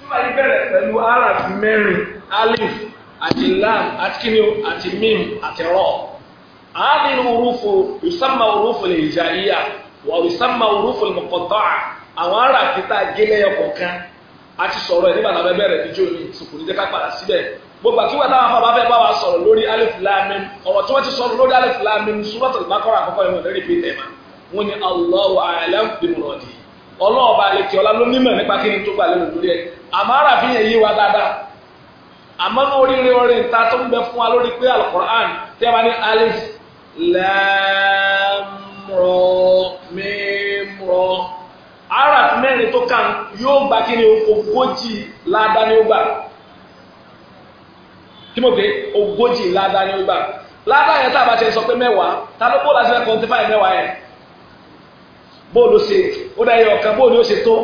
Súra yìí bẹ̀rẹ̀ pẹ̀lú araf mẹ́rin, alif, àti lam, àti kíni o, àti mim, àti rọ. Àádìí orúfo, ìsámà orúfo lè jà yíyà, wà ìsámà orúfo lè mọ̀kọ̀tọ̀ à. Àwọn araf ti tá a gé sọ̀rọ̀ ẹ̀ nígbà lábẹ́ bẹ̀rẹ̀ ìjọ ní ìsìnkú ní dẹ́ka padà síbẹ̀. Gbogbo àti wàtá àwọn bàbá bá wa sọ̀rọ̀ lórí sọ̀rọ̀ lórí ọlọ́ọ̀ba àlekè ọlá ló nímọ̀ nípa kí ni tó gbà lẹ́nu lórí ẹ̀ àmọ́ fi yẹn yé wa dáadáa àmọ́ ní oríire tó ń fún wa lórí pé alukur'an tí a bá ní alif lẹ́mrọ ara mẹ́rin tó kàn yóò gba kí ni ogójì ládàá ni ó sọ pé mẹ́wàá ló kó láti fẹ́ kọ́ńtífà yẹn bóòlù ṣe ó dá bóòlù ó ṣe tó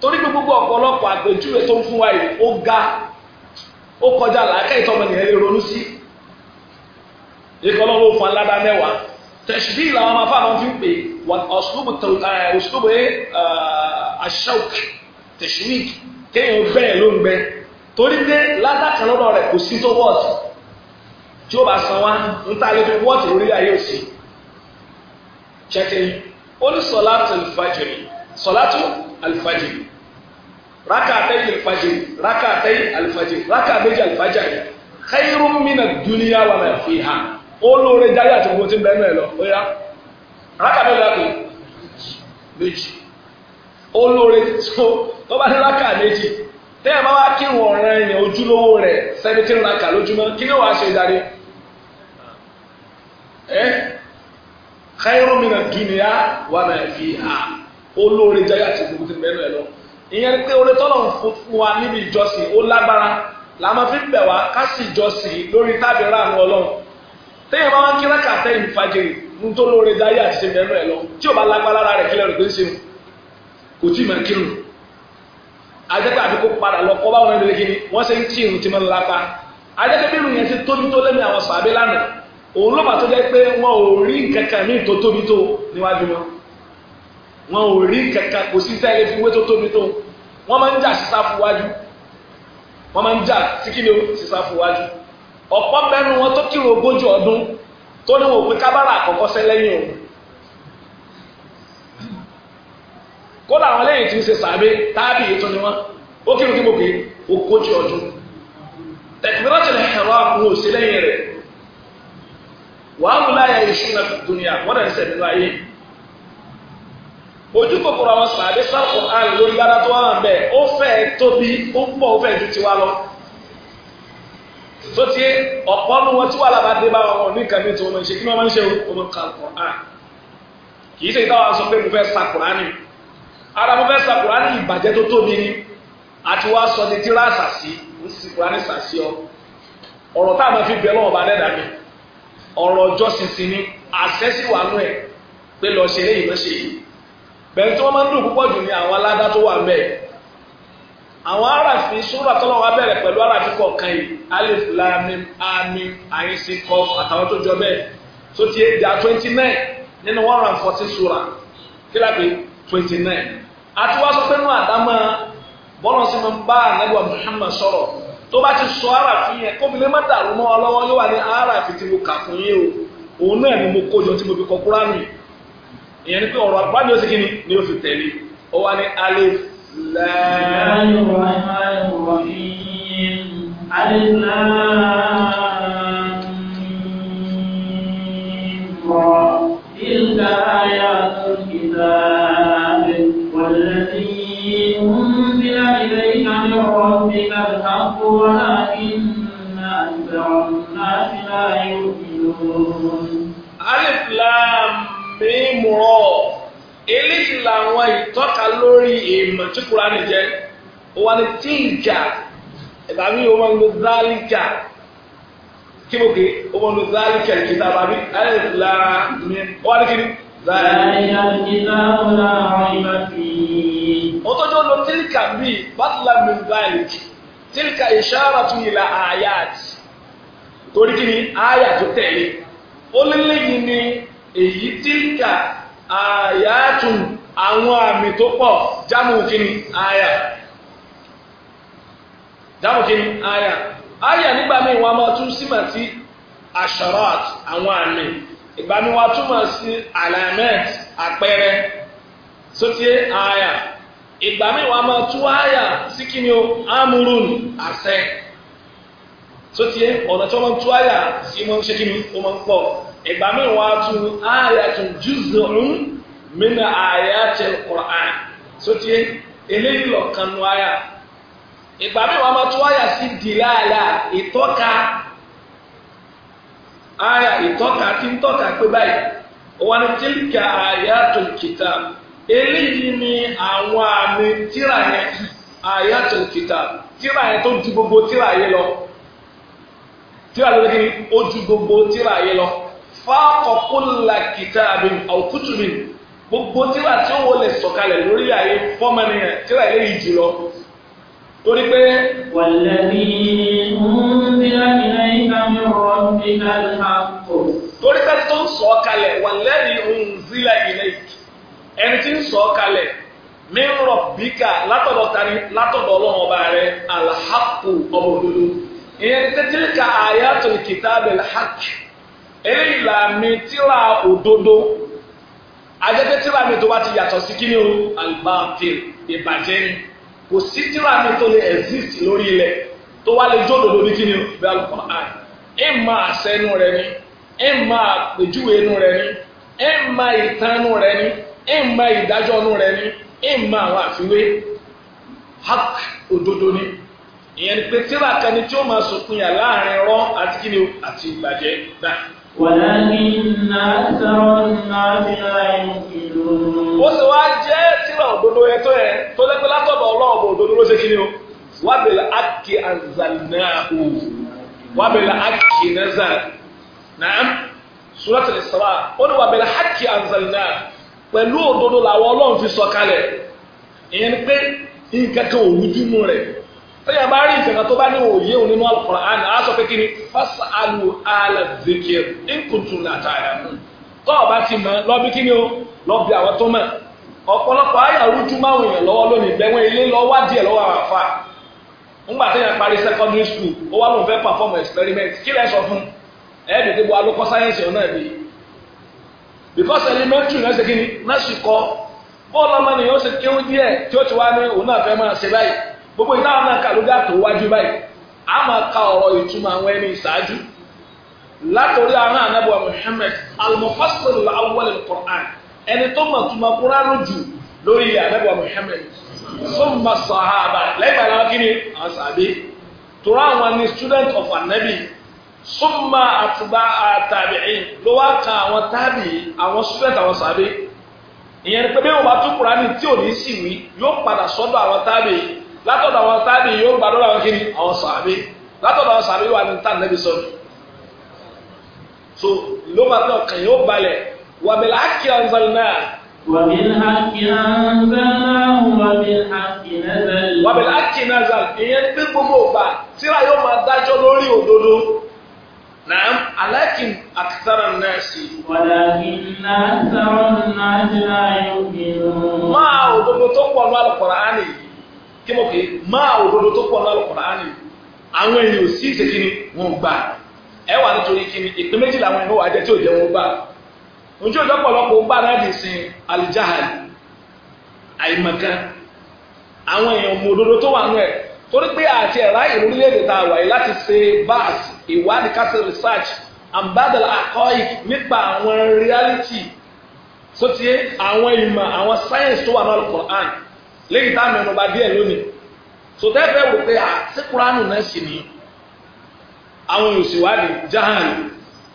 torí gbogbo ọ̀pọ̀lọpọ̀ àpèjúwe tó ń fún wa yìí ó ga ó kọjá làákẹ́ ìtọ́mọnìyàn lè ronú sí ìkọlọ́wọ́ fún aládá mẹ́wàá tẹ̀síbí làwọn fi ń pè aṣọ́ọ̀kì kéèyàn bẹ́ẹ̀ ló ń gbẹ torí ládàkà lọ́dọ̀ rẹ̀ kò sí tó wọ́ọ̀tì ó ní sọ̀látù alifajiri sọ̀látù alifajiri rákà àtẹ́yìn alifajiri rákà àtẹ́yìn alifajiri rákà méjì alifajiri khayrun mina dúníyà wà máa fi hà ó lóore jáde àti gbogbo tí ń bẹ́ẹ̀ náà lọ ó yá rákà mẹ́lẹ̀ àpè méjì ó lóore tó tó bá ní rákà méjì tẹ́yà bá wá kírun ọ̀ràn ẹ̀yàn ojúlówó rẹ̀ sẹ́ni tí ń rákà Kairu mina ad-dunya wa ma fiha olóore jẹ́ àti gbogbo ti mẹ́nu ẹ̀ lọ. ìyẹn pé orí tọ́lọ̀ ń fún wa níbi ìjọsìn ó lágbára la máa fi bẹ̀ wá ká sì jọsìn lórí tábìlì àánú ọlọ́run. téèyàn bá wọn kíra kà tẹ́yìn fàjèrè ní tó lóore jẹ́ àti ṣe mẹ́nu lọ tí ò bá lágbára rẹ̀ kílẹ̀ rẹ̀ pé ń ṣe kò tí ì máa kírun. ajẹ́pẹ́ àbíkó padà lọ kọ́ báwọn ẹni lé kíni wọ́n ṣe ń kírun ti máa ń lápá. ajẹ́pẹ́ bí irun yẹn ti tóbi tó lẹ́nu àwọn sàbẹ́ lánàá òun ló bá tó jẹ́ pé wọn ò rí kankan ní tó tóbi tó níwájú wọn wọn ò rí kankan kò sí sẹ́yìn fi wé tóbi tó wọ́n máa ń jà sísá fún wájú wọ́n máa ń jà sí ni ó sísá fún wájú ọ̀pọ̀ mẹ́nu wọn tó kírun ogójì ọdún tó ní wọn pé kábàrà àkọ́kọ́ sẹ́ lẹ́yìn òun kódà àwọn lẹ́yìn tí ń ṣe sàbẹ̀ táàbì ètò ni wọn ó kírun kí mo ogójì ọdún tẹ̀kùnrin wàhálà yà yìí sùn náà dùnìyà wọn dà ní sẹ nínú ayé ojú kòkòrò àwọn sàbẹ sáfù àn lórí dára tó wà bẹ́ẹ̀ ó fẹ́ tóbi ó pọ̀ ó fẹ́ ju tiwa lọ tó ti ọ̀pọ̀ nu wọn tí wàhálà bá dé bá wọn ní kàmí tó wọn ṣe kí wọn máa ń ṣe ọmọ kàlùkọ àn kì í ṣe ìtawà sọ pé mo fẹ́ sàkùránì ara mo fẹ́ sàkùránì ìbàjẹ́ tó tóbi ni àti wàá sọ ní tíra sàṣì ń sìkùránì sàṣì ọ ọ̀rọ̀ táwọn fi bẹ lọ́wọ́ bá dẹ́dàá mi ọ̀rọ̀ ọjọ́ sísìn ni àṣẹ sì wà nú ẹ̀ pé lọ ṣe eléyìí lọ ṣe yìí bẹ́ẹ̀ tí wọ́n máa ń dùn púpọ̀ jù ní àwọn aládá tó wà mẹ́ẹ̀ àwọn aráàfin sóra tọ́lọ́ wa bẹ̀rẹ̀ pẹ̀lú aráàfin kọ̀ọ̀kan yìí alif lamim amim àyínsí kọf àtàwọn tó jọ bẹ́ẹ̀ tó ti di twenty nine nínú one hundred and fourteen sóra kílá pé twenty nine àti wá sọ pé nínú àdámọ́ bọ́lá sí mi bá ànágbà Muhammad sọ̀rọ̀ tó bá ti sọ ara fi yẹn kóbìnrin má dàrú mọ́ ọ lọ́wọ́ yóò wà ní ara fi ti mo kà fún yín o òun náà ni mo kójọ tí mo fi kọ kúránì ìyẹn ni pé ọ̀rọ̀ àgbáyé ó sì kí ni ni ó fi tẹ̀lé ó wà ní alif lam alif lam tilka ayatul kitab wal ladhi. أنزل إليك من ربك الحق ولكن أكثر الناس لا يؤمنون ألف لام ميم را eléyìí làwọn ìtọ́ka lórí èèmọ̀ tí Kùránì jẹ́ wà ní tíìjà ìbàbí wọn máa ń lo zálíjà kí mo kè wọn máa ń lo zálíjà ìkìtà bàbí alif lam mim wọn ní kí ni. zálíjà ìkìtà wọn náà wọn ìbá fi ọtọ́jú lọ tílíkà bíi bàtìlá mìíràn tílíkà ìṣàràtú ìlà àyàt torí kí ni àyà tó tẹ̀lé ó lélẹ́yìn ni èyí tílíkà àyàtùn àwọn àmì tó pọ̀ jámù kí ni àyà jámù kí ni àyà àyà nígbà míì wọn máa tún símà sí asharat àwọn àmì ìgbà míì wọn túmọ̀ sí alamet àpẹẹrẹ sótíé àyà ìgbà míì wàá máa tú àyà sí kí ni o amúrún àṣẹ tó tiẹ̀ ọ̀nà tí wọ́n máa tú àyà sí máa ń ṣe kí ni o máa ń pọ̀ ìgbà míì wàá tú àyà tún juz'un min ayatil Qur'an tó tiẹ̀ eléyìí lọ̀kan nu àyà ìgbà míì wàá máa tú àyà sí dìláàlà ìtọ́ka àyà ìtọ́ka tí ń tọ́ka pé báyìí wọ́n ní tilka ayatul kitab eléyìí ni àwọn àmì tíra yẹn àyàtò kìtà tíra yẹn tó ju gbogbo tíra yẹn lọ tíra lórí kí ó ju gbogbo tíra yẹn lọ fákọ̀kọ́lá kìtà àbí àwòkútù mi gbogbo tíra tí ó wọlé sọ̀kalẹ̀ lórí ayé fọ́mọ́ni yẹn tíra yẹn yìí jù lọ torí pé. wàlẹ́bí múndínlá ìlà ìgbà mi rọ̀ nígbà tó. torí pé tó ń sọ̀ kalẹ̀ wàlẹ́bí múndínlá ìlà ìk ẹni tí ń sọ ọ́ kalẹ̀ mi ń rọ̀ bíkà látọ̀dọ̀ tani látọ̀dọ̀ ọlọ́run ọba rẹ̀ alhaku ọmọ òdodo ìyẹn tẹ́tílì ka ayatul kitab alhaq eléyìí là mi tíra òdodo ajẹ́pẹ́ tíra mi tó bá ti yàtọ̀ sí kí ni o albatil ìbàjẹ́ ni kò sí tíra mi tó lè exist lórí ilẹ̀ tó wá lè jó òdodo ní kí ni o bí Al-Qur'an ẹ̀ máa àṣẹ rẹ ni ẹ̀ máa àpèjúwe inú rẹ ni ẹ̀ máa ìtàn rẹ ni. ń ma ìdájọ́ ọ̀nù rẹ ní ma àwọn àfiwé hak òdodo ni ìyẹn ni pé tíra kan ni tí ó máa sòpin yà láàrin rọ àti kíni àti ìbàjẹ́ náà. ولكن أكثر الناس لا يؤمنون ó sì wá jẹ́ tíra òdodo tó tó ọlọ́ọ̀bọ̀ òdodo ló ṣe kí ni o wábìlà ákì àzànáhù wábìlà ákì náà ó ní wábìlà ákì pẹ̀lú òdodo làwọn ọlọ́run fi sọ kalẹ̀ ìyẹn pé nǹkan kan ò rújúmú rẹ̀ tẹ́yà bá rí nǹkan tó bá ní òye òun nínú Al-Qur'an á sọ pé kí ni fásitì alu ala zikir nkùtù làtàyà tó ọba ti mọ lọ́bí kí ni o lọ́bí àwọn tó mọ̀ ọ̀pọ̀lọpọ̀ àyà rújú máwùn èèyàn lọ́wọ́ lónìí bẹ́wọ́n ilé lọ wádìí ẹ̀ lọ́wọ́ àwọn àfa ńgbà parí secondary school ó wá lóun fẹ́ perform because elementary náà ṣe kí ni náà sì kọ́ bọ́ọ̀lù ọmọ nìyẹn ó díẹ̀ tí ó ti wá ní òun náà fẹ́ máa ṣe báyìí gbogbo ìdáhùn náà kà ló dá tó wájú báyìí a máa ka ọ̀rọ̀ ìtumọ̀ àwọn ẹni ìṣáájú látòrí àwọn anábọ̀ Muhammad al-mufassir al-awwal al-Qur'an ẹni tó mọ̀ tó máa lójú lórí anábọ̀ sahaba lẹ́gbàá náà kí Summa àtúbà àtàbíìn ló wá kan àwọn tábì àwọn student àwọn sàbẹ̀ ìyẹn ni pé bí wọn bá tún Kùránì tí ò ní pada wí yóò padà sọ́dọ̀ àwọn tábì látọ̀dọ̀ àwọn tábì yóò gbàdúrà àwọn kiri àwọn sàbẹ̀ látọ̀dọ̀ àwọn sàbẹ̀ wà ní tàn nẹ́bí sọ́dọ̀ so ló máa tán kàn yóò balẹ̀ wàbẹ̀lẹ̀ àkìyà ń sọ̀rọ̀ náà. wàbẹ̀lẹ̀ àkìyà ń sọ̀rọ̀ ìyẹn pé gbogbo ògbà tíra yóò máa dájọ́ lórí òdodo. نعم ولكن أكثر الناس ولكن أكثر الناس لا يؤمنون ما أودو تقوى الله القرآن kí mo pè é máa òdodo tó pọ̀ lọ́rọ̀ kùránì àwọn èèyàn ò sí ìṣe kíni wọn ò gbà ẹ wà nítorí kíni ìpín méjì làwọn èèyàn wà jẹ tí ò jẹ wọn gbà sin maka ododo torí pé àti ẹ̀rá ìrúlẹ̀èdè tá a wà yìí láti ṣe vas ìwádìí kásì research and badal akọ́ì nípa àwọn reality tó ti yé àwọn ìmọ̀ àwọn science tó wà náà Al-Qur'an léyìí tá a mẹ́nu bà díẹ̀ lónìí so tẹ́fẹ́ wò pé àtikúránù náà sì ní àwọn olùsèwádìí jahan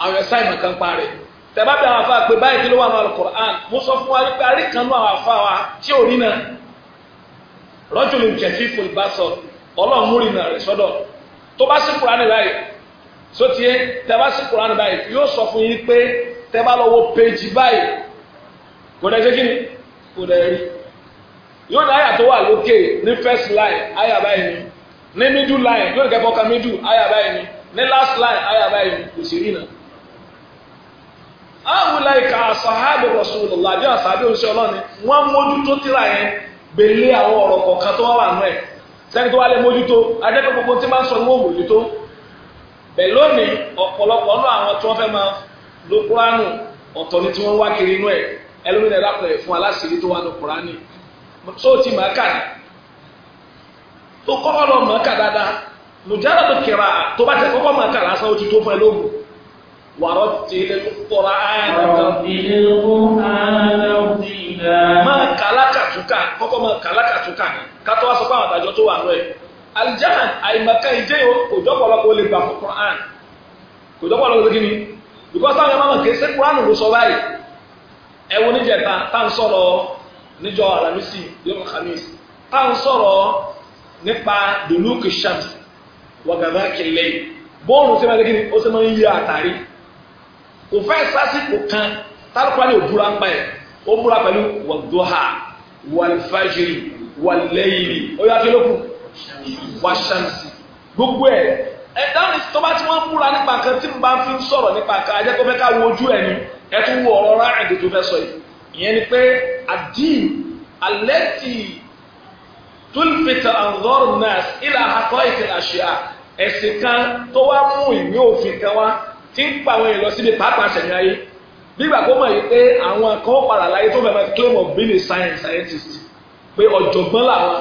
àwọn ẹ̀sán ìmọ̀ kan parẹ́ tẹ̀bá bí àwọn afáà pé báyìí kí ló wà ní alukur'an mo sọ fún wa wípé aríkanú àwọn afáà wa tí ò rí náà rọ́jò lè jẹ́ fífò ìbásọ̀rọ̀ ọlọ́run múrin náà rẹ̀ sọ́dọ̀ tó bá sí kúránì báyìí sótìyé tẹ bá sí kúránì báyìí yóò sọ fún yín pé tẹ bá lọ́wọ́ péjì báyìí kò dẹ̀ ṣe kí ni kò dẹ̀ rí yóò ní àyà tó wà lókè ní first line àyà báyìí ni ní middle line yóò kẹ́kọ̀ọ́ kan middle àyà báyìí ni ní last line àyà báyìí ni kò sí rí náà. àwọn ìlàkà àṣàhábì Rasulullah bí àṣàbí òṣèlú ọlọ́ni wọ́n mójútó tíra yẹn gbèlé àwọn ọ̀rọ̀ kọ̀ọ̀kan tó wà nù sẹ́ni tó wà lè mójútó adẹ́pẹ́ gbogbo tí máa ń sọ ní wọ́n mójútó bẹ́ẹ̀ lónìí ọ̀pọ̀lọpọ̀ náà àwọn tí wọ́n fẹ́ máa lo kúránù ọ̀tọ̀ ni tí wọ́n wá kiri inú ẹ̀ ẹlòmínà ìdápẹ̀ fún aláṣìírí tó wà ní kúránì tó ti máa kà ní tó kọ́kọ́ lọ máa kà dáadáa lùjára tó kẹra tó bá tẹ kọ́kọ́ máa kà lásán ó ti tó fún ẹ lóògùn wàrọ̀ tìlẹ̀ kọ́ra áyà kàtúkà kọ́kọ́ mọ kàlá kàtúkà kátó wá sọ pé àwọn àtàjọ tó wà lọ ẹ̀ alijahan àyìnbàkan ìjẹ́ yìí kò dọ́pọ̀lọpọ̀ lè gbà fún Quran kò dọ́pọ̀lọpọ̀ kí ni because táwọn ọmọ kì í Quran ló sọ báyìí ẹ̀wọ̀n níjẹta táwọn sọ̀rọ̀ níjọ alamisi yom khamis táwọn sọ̀rọ̀ nípa dùlùkì shams wàgàdà kìlẹ̀ bọ́ọ̀lù tí wọ́n ti kí ni ó sì máa ń yí àtàrí kò fẹ́ sásìkò kan tálùkù wàlfàjìrì wàlẹ́yìrì ó yà kí ló kù wàṣàǹsì gbogbo ẹ̀ ẹ dáhùn tó bá ti wọ́n múra nípa nǹkan tí mo bá fi ń sọ̀rọ̀ nípa nǹkan ajẹ́ kó fẹ́ ká wo ojú ẹ̀ ni ẹ tún wo ọ̀rọ̀ rárá èdè tó fẹ́ sọ yìí ìyẹn ni pé àdín alẹ́ tì tulfita anzor nas ila hakoiti aṣia ẹ̀sìn kan tó wá mú ìwé òfin kan wá tí ń pa àwọn èèyàn lọ síbi pàápàá ṣẹ̀yìn ayé nígbà kó mọ̀ yìí pé àwọn kan padà láyé tó fẹ́ máa claim of being a science scientist pé ọ̀jọ̀gbọ́n làwọn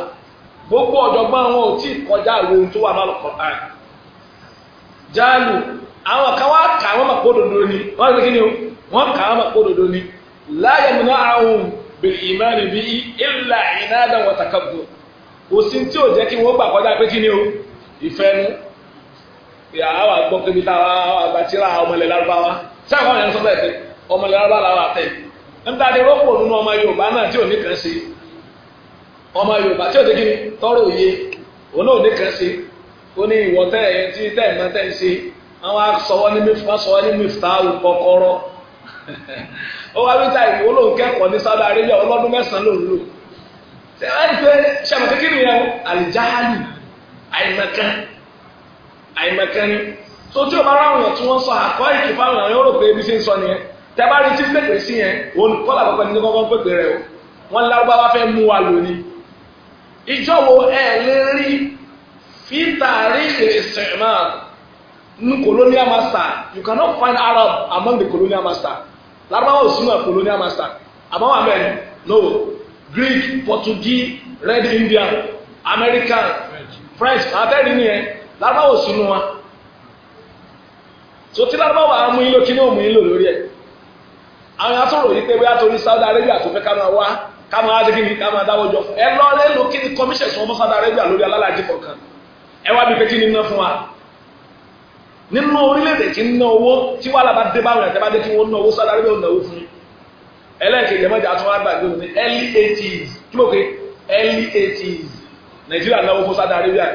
gbogbo ọ̀jọ̀gbọ́n wọn ò tí ì kọjá àwọn ohun tó wà náà lọ́kọ̀ọ́ báyìí jáàlù àwọn kan wá kà wọ́n mọ̀ pé òdodo ni wọ́n ti kí ni wọ́n kà wọ́n mọ̀ pé òdodo ni láyé mi náà àwọn bil imani bí ilà ìnáda wa takabbur kò sí tí ò jẹ́ kí wọ́n gbà kọjá pé kí ni o ìfẹ́ nu àwọn àgbọ̀ kébi táwa àgbàtìrà àwọn lárúbáwá sáà yẹn sọ bẹ́ẹ̀ ọmọ Lárúbáwá làwọn àtẹ níta ni rọ́pò nínú ọmọ Yorùbá náà tí ò ní ṣe ọmọ Yorùbá tí tọrọ òye òun náà ò ní ṣe ó ní ìwọ tẹ tí tẹ máa tẹ ẹ ṣe àwọn asọwọ ní mẹfà ní kọ́kọ́rọ́ ó wá kẹ́kọ̀ọ́ ní ọlọ́dún mẹ́sàn-án lò ṣe o bá ráwọn tí wọ́n sọ àkọ́ ìkìfà àwọn pé tẹ́bárí tí pèpè sí yẹn òun kọ́lá kọ́kọ́ ní kọ́kọ́ pèpè rẹ̀ o wọ́n lárúbáwá fẹ́ mú wa lónìí. ìjọ wo ẹ lè rí fítàrí ìrìnsẹ̀mà ní colonial master you cannot find Arab among the colonial master lárúbáwá ò sínú ẹ̀ colonial master àmọ́ wà mẹ́rin no Greek Portuguese Red Indian American French àtẹ́rì ni ẹ lárúbáwá ò sínú wa. sotí lárúbáwá mú ilé kí ni ó mú ilé lórí ẹ̀ àwọn yàrá tó ròyìn pé bí àtòrí Saudi Arabia tó fẹ́ ká máa wá ká máa dé kíni ká máa dáwọ́ jọ ẹ lọ lé lo kíni commission sọ ọmọ Saudi Arabia lórí alálàájì kọ̀ọ̀kan ẹ wá bí pé kíni ná fún wa nínú orílẹ̀-èdè tí ń ná owó tí wàhálà bá dé báwọn àti abádé tí wọ́n ná owó Saudi Arabia ò náwó fún ẹlẹ́ẹ̀kejì ẹ̀mọ́jà tó wá gbàgbé òní early eighties kí ló pé early eighties Nàìjíríà náwó fún Saudi Arabia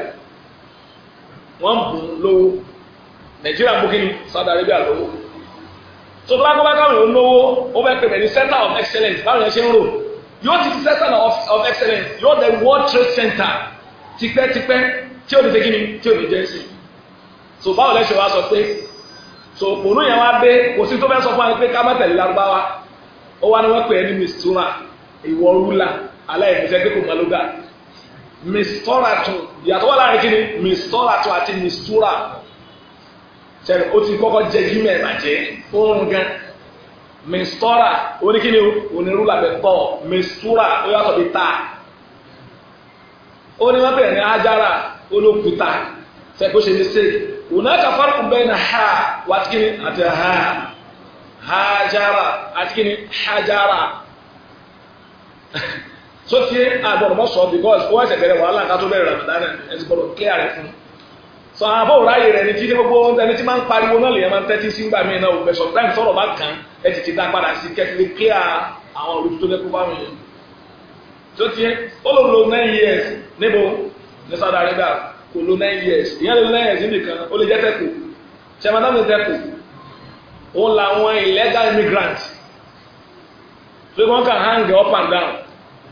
wọ́n bùn lówó Nàìjíríà mú kíni Saudi Arabia lówó So, tó bá kọ́ bá káwọn èèyàn lówó ó bẹ́ pè ní center of excellence báwọn yẹn ṣe ń rò yóò ti di center of excellence yóò dé world trade center tipẹ́tipẹ́ tí ò ní segin ni tí ò ní jẹ́ sí so báwo lẹ́sẹ̀ wá sọ pé so òun yẹn wá dé kò sí tó fẹ́ sọ fún wa pé ká má tẹ̀lé lárúbáwá ó wá ní wọ́n pè é ní mistura ìwọ rúlà aláìmọ̀sẹ́ pé kò má ló gbà mistura tún ìyàtọ̀ wà láàrin kí ni mistura tún àti mistura sẹ́ni ó ti kọ́kọ́ jẹ jí mẹ́ẹ̀ bàjẹ́ oorun gan mistura oníkíni onírúlà bẹ tọ mistura ó yàtọ̀ bí ta ó ní wọ́n bẹ̀rẹ̀ ní ajára olókùúta sẹ́ni kó ṣe ní sèé òun náà na kùn bẹ́ẹ̀ ní ha wàtíkíni àti ha hajara àtikíni hajara so ti àgbọ̀rọ̀ mọ́sọ̀ọ́ because ó wá ṣẹ̀bẹ̀rẹ̀ wàhálà ká tó bẹ̀rẹ̀ ramadan ẹ̀ ti gbọ́dọ̀ clear rẹ̀ fún un sọ àbọ̀ òráyè rẹ̀ ní tí ní gbogbo ẹni tí máa ń pariwo náà lèyàn máa ń tẹ́tí sí ńgbà míì náà òpè sọ táìmù sọ̀rọ̀ bá kàn ẹ ti ti dá padà sí kẹ́kẹ́ kíá àwọn olùdó tó lẹ́kọ́ báwọn yẹn tó tiẹ́ ó lò lo nine years níbo ní Saudi Arabia kò lo nine years ìyẹn lo nine years nìkan ó lè jẹ́ tẹ́kù sẹ́mọ́tàmì tẹ́kù òun làwọn illegal immigrant pé wọ́n kàn hang up and down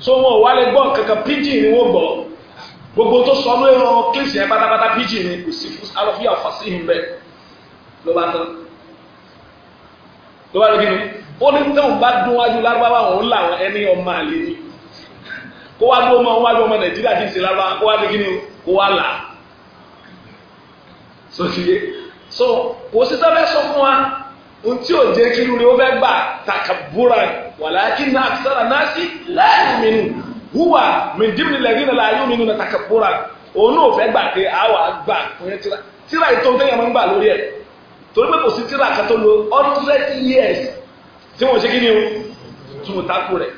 so wọn ò wá lè gbọ́ kankan pidgin ni wọ́n gbọ́ gbogbo tó sọ ló ẹran kílìsì yẹn pátápátá píjì ni kò sí fún alọ́fíà fàṣíhìn bẹ́ẹ̀ ló bá tán ló bá lókè ni ó ní tóun bá dún wájú lárúbáwá òun làwọn ẹni ọmọ àlè ni kó wá dún ọmọ wájú ọmọ nàìjíríà kì í ṣe lárúbáwá kó wá lókè ni kó wá là so ti yé so kò sí sábẹ́ sọ fún wa ohun tí ò jẹ́ kí lóore ó fẹ́ gbà takabura wàlá kí náà sára náà sí láàyè mi húwà mẹ̀ndínlẹ̀ lẹ́yìn la yóò nínú nàta kẹfúra òun náà fẹ́ gbà pé a wà gbà fún tíra tíra ìtọ́ tẹ́yà máa ń gbà lórí ẹ̀ kò sí tíra kan lo hundred years tí wọ́n ṣe kí ni o tún mọ̀ tako rẹ̀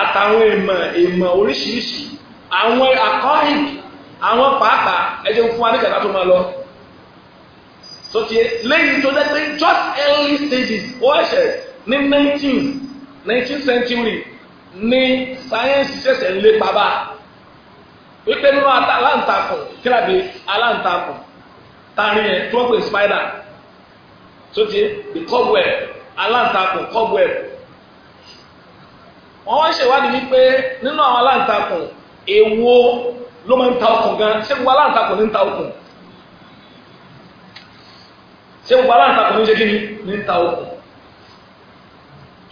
àtàwọn ìmọ̀ ìmọ̀ oríṣiríṣi àwọn akọ́rin àwọn pàápàá ẹjẹ fún wa ní kàtà tó máa lọ sọtí lẹ́yìn tó dẹ́ just early stages ó ẹ̀ṣẹ̀ ní nineteen nineteen century ní sáyẹ́nsì ṣẹ̀ṣẹ̀ ń lépa bá wípé nínú aláǹtakùn kíláàbí aláǹtakùn tani yẹn tí wọ́n pè spider tó ti the cobweb aláǹtakùn cobweb wọ́n wá ṣèwádìí wípé nínú àwọn aláǹtakùn èwo ló máa ń ta okùn gan ṣé gbogbo aláǹtakùn ní ń ta okùn ṣé gbogbo aláǹtakùn ní ń ṣe kí ni ní ń ta okùn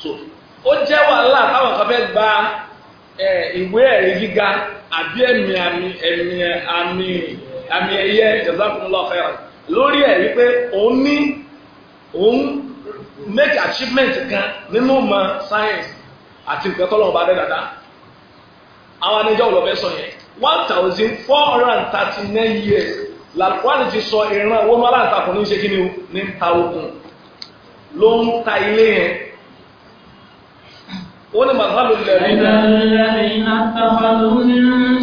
so ó jẹ́ wàhálà táwọn kan fẹ́ gba ìwé ẹ̀rí gíga àbí ẹ̀mí àmì ẹ̀mí àmì àmì ẹ̀yẹ jazakumullahu lórí ẹ̀ wípé òun ní òun make achievement kan nínú ọmọ science àti nǹkan tọ́lọ́mù bá dé dáadáa àwọn anijọ́ òlọ́fẹ́ sọ yẹn one thousand four hundred and thirty nine years làlùkọ́ni ti sọ ìran owó mọ́lá àtàkùn ní ṣe kí ni ta okùn ló ń ta ilé yẹn wọ́n ní màtàlù lẹ́rí. ìdàlẹ́rí àtàkàlù ní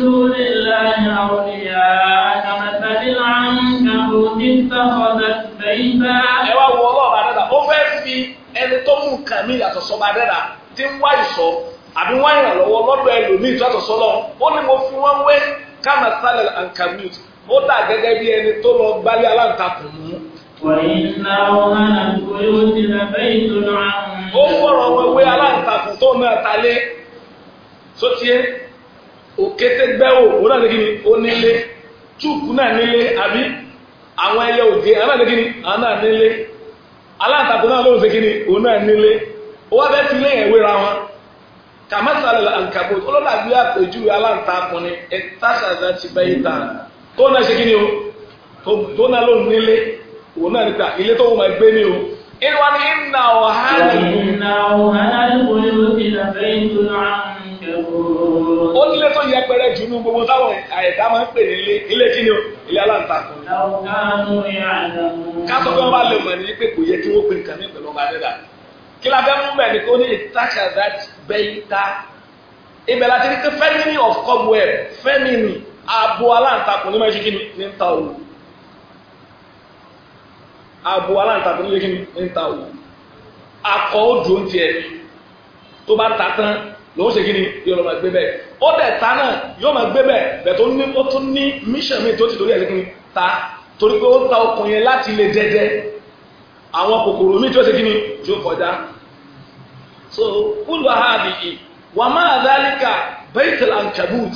lórí láyé àwòrìyà àkàmàtàlì àǹkàbò ní sàkọ̀dà bẹ́ẹ̀ta. wọ ọlọ́ọ̀bà dẹ́dà ó fẹ́ fi ẹni tó mú nǹkan yàtọ̀ sọ́ba dẹ́dà tí ń wá ìsọ àbí wá ìrànlọ́wọ́ lọ́dọ̀ ẹlòmíì tó àtọ̀ sọ́lọ́ ó ní mo fi wọ́n wé kàmàtàlì àǹkàbò ó dà gẹ́gẹ́ bí ẹni tó lọ gbálé aláǹtakùn mú. wà ó ń fọ̀rọ̀ ọmọ ewé aláǹtakùn tó náà talé sótíé òkété gbẹ́wò òun náà lẹ́gìnì ó nílé túùkù náà nílé àbí àwọn ẹyẹ òde àwọn náà lẹ́gìnì àwọn náà nílé aláǹtakùn náà lóun náà nílé ó wá bẹ́ẹ̀ fi lé ẹ̀wé ra wọn kàmásàlẹ̀ àǹkàbò olódàbí àpèjúwe aláǹtakùn ni ẹ̀tàṣàdá ti tó náà ṣe kí ni o tó náà nílé òun náà ilé tó wọ́n máa gbé o. إذ وإن أوهن البيوت لبيت العنكبوت. ó nílé tó yẹ pẹrẹ jù nú gbogbo táwọn àyẹ̀dá máa ń pè ní ilé ilé kí ni o ilé aláǹtakùn. ká sọ pé wọ́n bá lè mọ̀ ní pé kò yẹ kí wọ́n pe nǹkan ní pẹ̀lú ọba dẹ́dà. kí la fẹ́ mú bẹ́ẹ̀ ni kò ní ìtajà that bẹ́ẹ̀ta. ibẹ̀ láti rí pé family of commonwealth family ààbò aláǹtakùn ní máa ṣe kí ni ní ta òun abo aláǹtakùn lé ní ta o akọ ó dùn tiẹ̀ tó bá ta tán lòún ṣe kíni yóò lọ máa gbé bẹ́ẹ̀ ó ta náà yóò máa gbé bẹ́ẹ̀ bẹ́ẹ̀ tó ní ó tún ní mission mi tó ti torí ẹ̀sìn ta torí pé ó ta okùn yẹn láti lè dẹ́dẹ́ àwọn kòkòrò mi tí ó ṣe kíni tí ó kọjá so kúlù ahábì yìí wà máa dálíkà baitul ankabut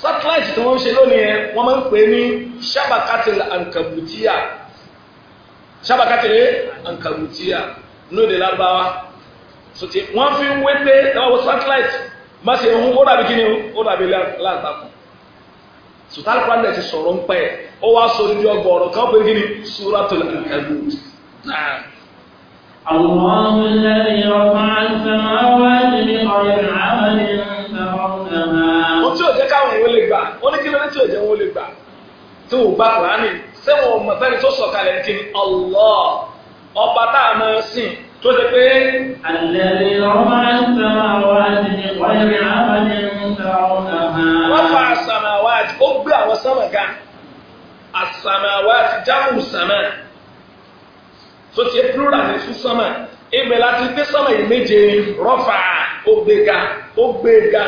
satellite tí wọ́n ń ṣe lónìí yẹn wọ́n máa ń pè ní shabakatil ankabutiya sábàkátìrẹ ankarutia lóde lábáwá sọtì wọn fi ń wé pé ẹ wá wo satellite má ṣe ń ó dàbí kí ni ó dàbí láǹtàkùn sùtàlù pàdé ti sọ̀rọ̀ ń pẹ́ ó wá sọ níbi ọgbà ọ̀rọ̀ kan pé kí ni suratul ankabut náà. الله الذي رفع السماوات بغير عمل ترونها. ó tí ò jẹ́ káwọn èèyàn lè gbà ó ní kí ló ṣé wọn ò mọ̀ fẹ́ni tó sọ̀kalẹ̀ ní kíni Allah ọba tá a máa sìn tó ṣe pé. àlẹ́lẹ́ ọmọ ẹ̀sán àwọn àti ìwáyé àbájẹ́ ń ta ọ̀nà hàn. wọ́n fa àsàmàwá àti ó gbé àwọn sánmà ga àsàmàwá àti jáfù sánmà tó ti plural ní fún sánmà ibẹ̀ láti gbé sánmà yìí méje rọ́fà ó gbé ga ó gbé ga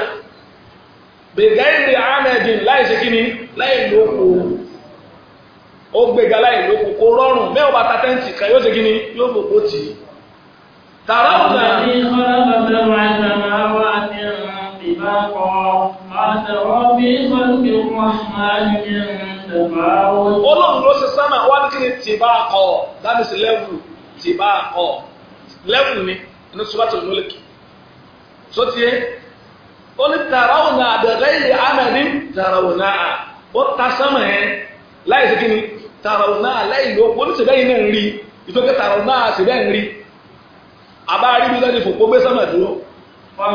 gbègà ìrìn àmẹ́dì láì ṣe kíni láì lóko ó gbéga láì lókun kó rọrùn mẹ́wàá bàtà tẹ́ǹtì kan yóò ṣe kí ni yóò fò kó tì í. tààrà ọ̀nà. àti ọlọ́pàá bẹ̀rù àìsàn àwọn àti ìbákọ̀ àtẹ̀wọ́ bí mọ́tò wọn máa ń yẹ Ọlọ́run ló ṣe sánà wá ní kí ni tìbá akọ that is level tìbá akọ level ni ní sùpàtò lólèkì sotie ó ní tààrà ọ̀nà àdàgẹ́yẹ ànàní tààrà ọ̀nà à ó ta sánà yẹn láì sí kí ni tààrọ̀ náà lẹ́yìn ló kó ní sèbẹ́yìn náà ń rí ìtòkè tààrọ̀ náà sèbẹ́ ń rí àbá rí mi lẹ́ni fòpó gbé sọ́mọ̀ dúró. ó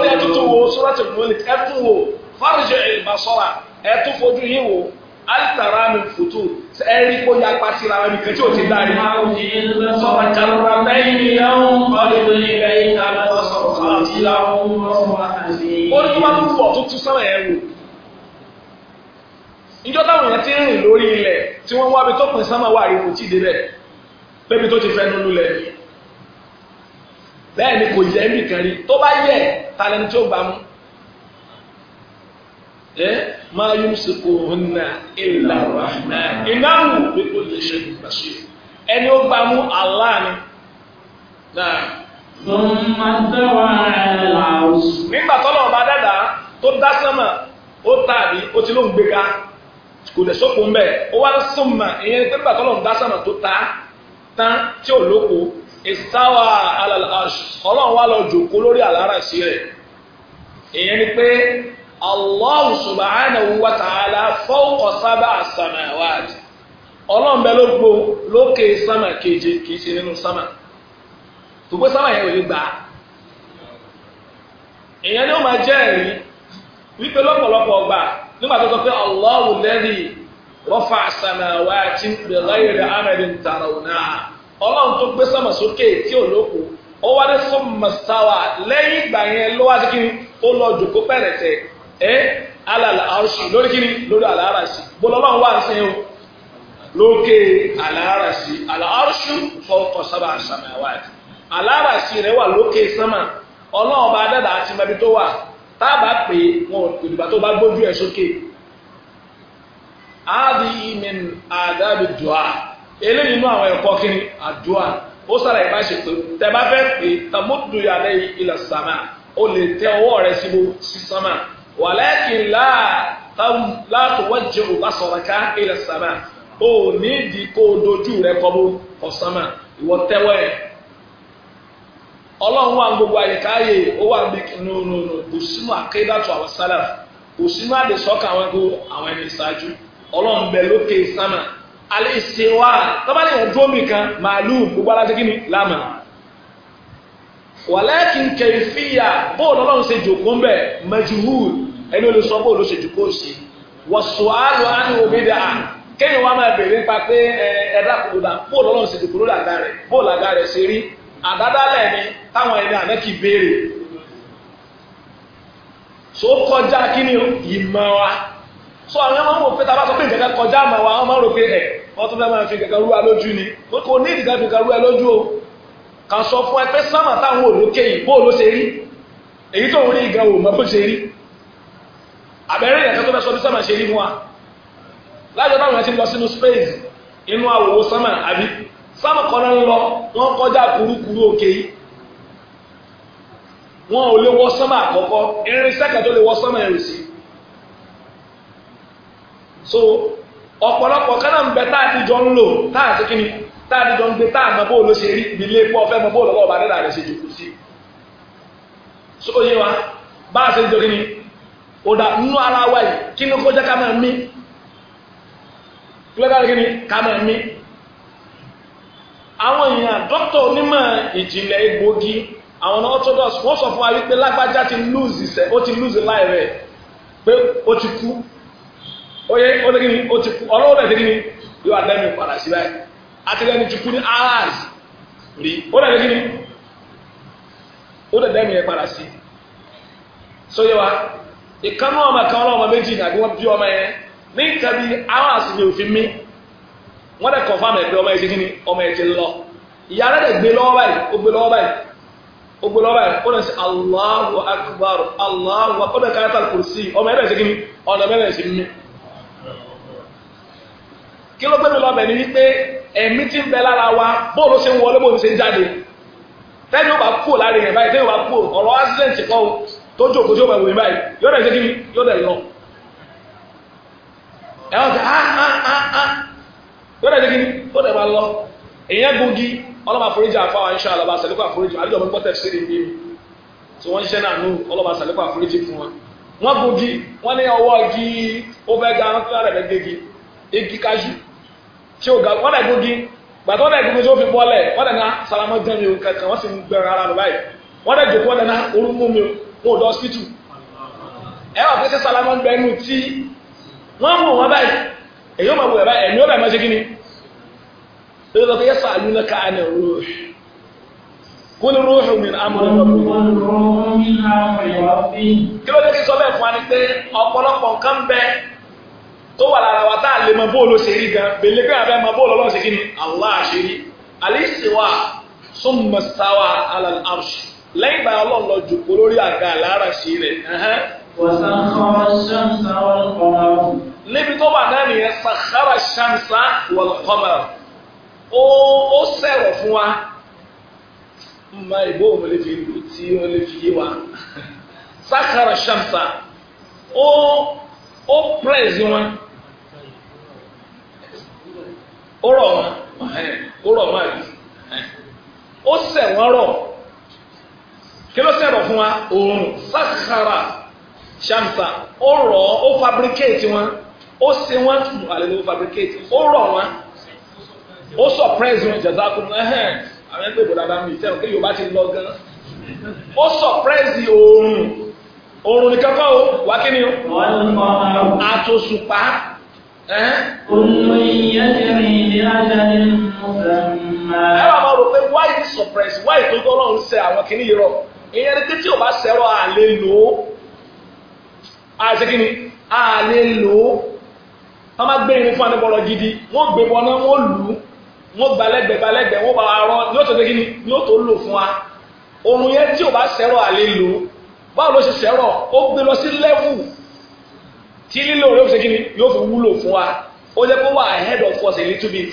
ní ẹtú tó wo sọ́rọ́tì mọ́lì ẹtú wo fárijẹ́ ìbásọ́ra ẹtú fojú yín wo alitara mi foto ẹ̀rí kó ya pàṣẹ ra mi kẹ́tí ò ti dá rí. sọ́ra jàdúrà bẹ́yìn ni ẹ̀hún ọ̀dọ̀ ìgbẹ́ ìta lọ́sọ̀rọ̀ àti ìlà ọ̀hún ọ̀sọ̀rọ̀ àti. ó ní wọ́n tún fọ̀ tó tún sọ́rọ̀ níjọ́ táwọn èèyàn ti ń rìn lórí ilẹ̀ tí wọ́n wábi tó pin sánmà wà ríro tí débẹ̀ pébi tó ti fẹ́ nínú lẹ̀ bẹ́ẹ̀ ni kò yẹ nìkan rí tó bá yẹ talẹ́ni tí ó gbà mú ẹ máa yún sí kò hùnà ìlà rahmà ìnáwó bí kò lè ṣe nípa sí ẹni ó gbà mú Allah ni náà. nígbà tọ́lọ̀ ọba dàda tó dá sánmà ó tàbí ó ti ló ń gbéga kò lè sóko mbẹ ó wá sọmọ ìyẹn pé bàtọ́ lọ́n dá sàmà tó ta tán tí ò lóko ìsáwà alàlàṣù ọlọ́run wá lọ jòkó lórí àlárà sí rẹ̀ ìyẹn ni pé Allah subhanahu wa ta'ala fawqa sab'a samawat ọlọ́run bẹ ló gbó lókè sàmà keje kì í ṣe nínú sàmà tó gbé sàmà yẹn ò lè gbà á ìyẹn ni ó máa jẹ́ ẹ̀rí wípé lọ́pọ̀lọpọ̀ gbà á nígbà tó sọ pé Allahu lẹ́rì rọ́fà àṣàmà wa ti bẹ̀rẹ̀ rẹ̀ amẹ́rẹ̀ ń tara ọ̀nà ọlọ́run tó gbé sọ́mọ̀ sókè tí ò lóko ó wá dé sọ́mọ̀ sáwà lẹ́yìn ìgbà yẹn ló wá sí kí ni ó lọ jòkó pẹ̀rẹ̀tẹ̀ ẹ́ alàlà àrùsì lórí kí ni lórí àlàáràsì bọ́lá ọlọ́run wà ń sẹ́yìn o lókè àlàáràsì àlàáràsì fọwọ́kọ̀ sábà àṣàmà wa àlàáràsì rẹ̀ wà lókè sọ́mà ọlọ́run bá dàda bàbá pé wọn kò dìgbà tó bá gbójú ẹ̀ sókè áàdì ìmìn àdáàbì dùà eléyìí inú àwọn ẹ̀kọ́ kiri àdúà ó sára ìbá ṣe pé tẹ bá fẹ́ pé tàmúdù yàrá ilẹ̀ sàmà ó lè tẹ ọwọ́ rẹ síbò sí sàmà wàlẹ́kìn látọwọ́jẹ òbá sọ̀rọ̀ ká ilẹ̀ sàmà ó ní ìdí kó dojú rẹ kọ́ bó ọ̀sàmà ìwọ tẹ́wọ́ ẹ̀ ọlọ́run gbogbo àyíká ayé ó wà bí nùnùnù kò sínú àkédàtò àwọn sálàf kò sínú àdìsọ́kà àwọn ẹgbẹ́ àwọn ẹni ìṣáájú ọlọ́run bẹ lókè sánà alẹ́ ìṣèwà tọ́bálì ìwọ̀n màálù gbogbo aláṣẹ kí ni lámà wàlẹ́kìn kẹfìyà bóòlù ọlọ́run ṣe jòkó ń bẹ̀ ẹni ó lè sọ bóòlù ṣe jòkó àlọ́ àni kéèyàn máa bèèrè nípa pé ẹ̀ẹ́dà bóòlù ọlọ́run ṣe jòkó lórí àga rẹ̀ bóòlù àga rẹ̀ ṣe àdádálẹ̀ ni táwọn ẹni àná kì í béèrè so kọjá kí ni ìmọ̀ wa so àwọn ọmọ wọn pé tábà sọ pé nǹkan kọjá àmọ̀ wa wọn máa rò pé ẹ wọn tún fẹ́ máa fi nǹkan rúwa lójú ni kò ní ìdíkan fi nǹkan rúwa lójú o kàn sọ fún ẹ pé sọ́mà táwọn olókè yìí bó ló ṣe rí èyí tó ń rí ìgbà òun mọ́ bó ṣe rí àbẹ̀rẹ̀ ìyàtọ̀ tó fẹ́ sọ bí sọ́mà ṣe rí fún wa lájọ táwọn ẹ̀ ti lọ sínú space inú àwòwò sọ́mà àbí sáwọn kan náà ń lọ kọjá òkè yìí wọn ò lè wọ sánmà àkọ́kọ́ irin wọ so ọpọlọpọ kan ń bẹ táà ti jọ ń lò táà sí kíni táà ti jọ ń gbé táà mọ bóòlù ṣe rí mọ bóòlù ṣe jòkó sí so yé wa bá a ṣe ọ̀dà àwọn èèyàn dókítà onímọ̀ ìjìnlẹ̀ egbòogi àwọn orthodox wọ́n sọ fún wa wípé lágbájá ti lose ìṣẹ́ ó ti lose láì rẹ̀ pé ó ti kú ó yẹ ó ti ó ti kú ọlọ́wọ́ rẹ̀ ti yóò padà sí báyìí ti kú ní hours rí ó rẹ̀ ti mi ó rẹ̀ dẹ́mi yẹn so yẹ wa ìkànnì ọmọ kan ọlọ́mọ méjì bí ọmọ yẹn ní hours ni òfin mi. wọ́n dẹ̀ confam ẹ̀ pé ọmọ ẹ̀ ṣe kí ni ọmọ ẹ̀ ti lọ ìyá rẹ̀ dẹ̀ gbé lọ́wọ́ báyìí ó gbé lọ́wọ́ báyìí ó gbé lọ́wọ́ báyìí ó lọ sí Allahu Akbar Allahu Akbar ó dẹ̀ káyọ̀tà kùrùsì ọmọ ẹ̀ bẹ̀ ṣe kí ni ọ̀nà bẹ̀rẹ̀ sí mi. kí ló gbé mi lọ́bẹ̀ ni wípé ẹ̀mí ti ń bẹ lára wa bóòlù ṣe ń wọlé bóòlù ṣe ń jáde tẹ́lẹ̀ ó bá kú lára yẹn báyìí tẹ́lẹ̀ ó bá kú ọ̀rọ̀ accident kọ́ tó jókòó tó bẹ̀ wò yẹn báyìí yóò dẹ̀ ṣe kí ni yóò dẹ̀ lọ. ẹ̀ ọ́n ti ah ah ah ah yóò dẹ̀ digi ó dẹ̀ máa lọ ọlọ́mọ àforíjì àfáwà ń àforíjì àdúgbò tí wọ́n ń náà nù ọlọ́mọ sàlékò àforíjì fún wa wọ́n gungi wọ́n ní ọwọ́ igi ó fẹ́ ga wọn fẹ́rẹ̀ lẹ́ igi kájú tí ó ga wọ́n dẹ̀ gungi gbàtọ́ dẹ̀ gungi tí ó fi bọ́lẹ̀ wọ́n dẹ̀ ná èyí ó máa wù ẹ̀bá ẹ̀mí ó bẹ̀ máa ṣe kí ni lórí lọ́pẹ́ yẹ́sọ̀ àlúnaka àná rúùh kú ní rúùhù mi amúlẹ̀ lọ́pẹ́ kí ló dé kí sọ bẹ́ẹ̀ fún wa ni pé ọ̀pọ̀lọpọ̀ nǹkan bẹ tó wà lára wa tá a lè mọ bóòlù ṣe rí gan bèlè pé àbẹ́ mọ bóòlù ọlọ́run ṣe kí ni Allah ṣe rí àlìsíwá súnmọ̀sáwá alàlárùsù lẹ́yìn ìgbà ọlọ́run lọ jòkó lórí àga àláràṣì rẹ̀. wàsàn kọ́ ṣàǹsà níbi tó wà náà nìyẹn sàkárà ṣàmsà wọlọkọmọ ó ó sẹrọ fún wa mma ìbò òun lè fi lù tí ó lè fi yé wa sàkárà ṣàmsà ó ó pírẹ̀sì wọn ó rọ̀ wọn ó rọ̀ wọn àbí ó sẹ̀ wọ́n kí ló sẹ̀rọ̀ fún wa òòrùn sàkárà ṣàmsà ó rọ̀ ó fabricate wọn ó ṣe wọ́n tù àlejò fabricate ó rọ̀ wọ́n ó surprise wọn jẹ̀dá kún un ẹ̀hẹ́n àwọn ẹgbẹ́ ìbò dáadáa mi ìtẹ́wọ̀n kí Yorùbá ti lọ gan ó surprise oòrùn oòrùn nìkan kọ́ o wá kí ni o àtòṣùpá ẹ wà máa rò pé why this surprise why tó gbọ́ lọ́run ṣe àwọn kìíní yìí rọ ìyẹn ni pé tí o bá ṣẹ̀rọ àlè lò ó àti kí ni àlè lò ó wọ́n máa gbé irun fún anibọ̀lọ̀ gidi wọ́n gbé bọ́ná wọ́n lù ú wọ́n gbalẹ́gbẹ̀ gbalẹ́gbẹ̀ wọ́n bá rọ ní ó tó dé kíni ní ó tó lò fún wa òrùn yẹn tí ò bá sẹ́rọ̀ àlè lò báwo ló ṣe sẹ́rọ̀ ó gbé lọ sí lẹ́fù tí lílo rẹ̀ ó ṣe kíni yóò fi wúlò fún wa ó jẹ́ kó wà ahead of us a little bit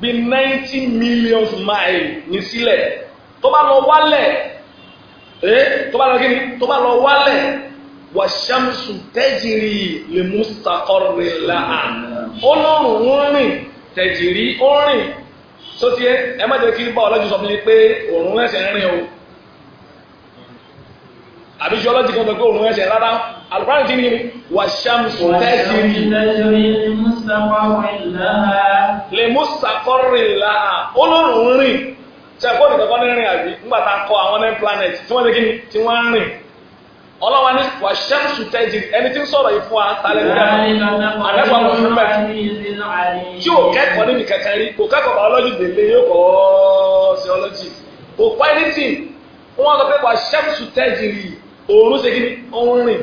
bí ninety million mile ní sílẹ̀ tó bá lọ wálẹ̀ eh, tó bá lọ kíni tó bá lọ wálẹ̀ wàṣàmùsù tẹ́jìrì lè mú sàkọ́rẹ̀ láà ọlọ́run ń rìn tẹ̀jìrì ó rìn sóti ẹ má jẹ́ kí bá ọlọ́jú sọ fún mi pé òun ẹsẹ̀ ń rìn o àbí ṣe ọlọ́jì kan sọ pé òun ẹsẹ̀ rárá alùpàdé ti ní wàṣàmùsù tẹ́jìrì lè mú sàkọ́rẹ̀ láà ọlọ́run ń rìn ṣe àkóòdì kankan ní rìn àbí nígbà tá a kọ àwọn nine planets tí wọ́n ti kí ni tí wọ́n ń rìn ọlọ́wà ní wà ṣẹ́mùsù tẹ́jì ẹni tí ń sọ̀rọ̀ yìí fún wa tálẹ̀ ní ẹ̀rọ àdẹ́gbà Muhammad tí ò kẹ́kọ̀ọ́ níbi kankan rí kò kẹ́kọ̀ọ́ biology délé yóò kọ́ sociology kò kọ́ anything wọ́n sọ pé wà ṣẹ́mùsù tẹ́jì rí òórùn ṣe kí ni òun rìn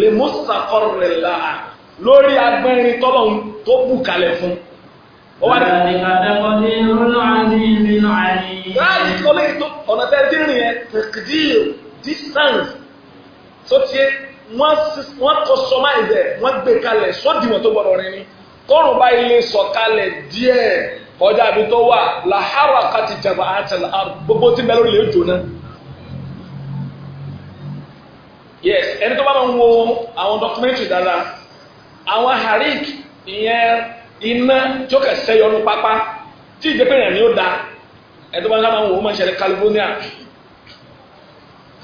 lè mú sàkọ́rọ̀ rẹ̀ là lórí agbẹ́rin tọ́lọ̀ tó bù kalẹ̀ fún. Ráàdì kọ́lé ọ̀nà tẹ́tí rìn yẹn distance sotie wọ́n customize ẹ̀ wọ́n gbé kalẹ̀ sódìwọ̀n tó gbọ́dọ̀ rìn ni tọrùn bá ilé sọ̀kalẹ̀ díẹ̀ kọjá àbí tó wà làhárà kàti jàmbá àti làhárà gbogbo tí bẹ́ẹ̀ lórí lè jóná. yes ẹni tó bá máa ń wo àwọn documentary dára àwọn harik ìyẹn iná jókè sẹ́yọ́nù pápá tí ìjẹ́pẹ̀rẹ̀ ni ó da ẹni tó bá máa ń wo ó máa ń ṣẹlẹ̀ California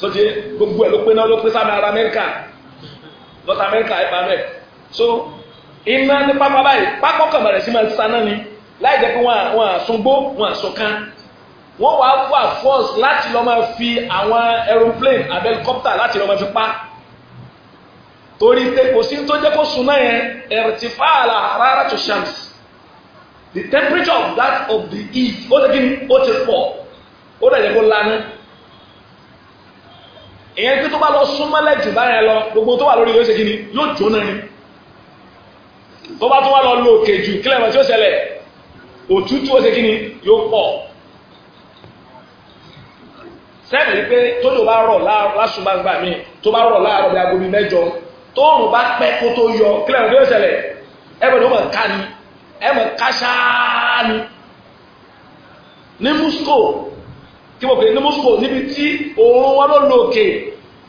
so ti gbogbo ẹ̀ ló pé náà ló pé sáà ara amẹ́ríkà lọ́tà amẹ́ríkà ẹ̀ bá mẹ́ so iná ní pápá báyìí pápá ọkàn bẹ̀rẹ̀ sí máa ń saná ni láì jẹ́ pé wọ́n àsungbó wọ́n àsunkan wọ́n wàá wà force láti lọ́ máa fi àwọn aeroplane àbẹ́ helicopter láti lọ́ máa fi pa torí pé kò sí tó jẹ́ kó suná yẹn ẹ̀rẹ̀tìfà àlàárá tó shams the temperature of that of the heat ó ti kí ni ó ti pọ̀ ó dẹ̀ jẹ́ kó lánàá èyàn pé tó bá lọ súnmọ́lẹ̀ jù báyẹn lọ gbogbo tó wà lórí yóò ṣe ni yóò jóná ni tó bá tó wà lọ lo òkè jù kílẹ̀ mọ̀ tí ó ṣẹlẹ̀ òtútù ó ṣe kí yóò pọ̀ sẹ́ẹ̀mì rí pé tó lò bá rọ̀ lásùnmáǹgbà mi tó bá rọ̀ láàárọ̀ bí agobi mẹ́jọ tó rùn bá pẹ́ kó tó yọ kílẹ̀ mọ̀ tí ó ṣẹlẹ̀ ẹ̀bẹ̀ ló mọ̀ ká ni ẹ̀mọ̀ káṣáá ni ní moscow kí wọ́n pè ní mọ́sùkò níbi tí oòrùn wọn ló lò òkè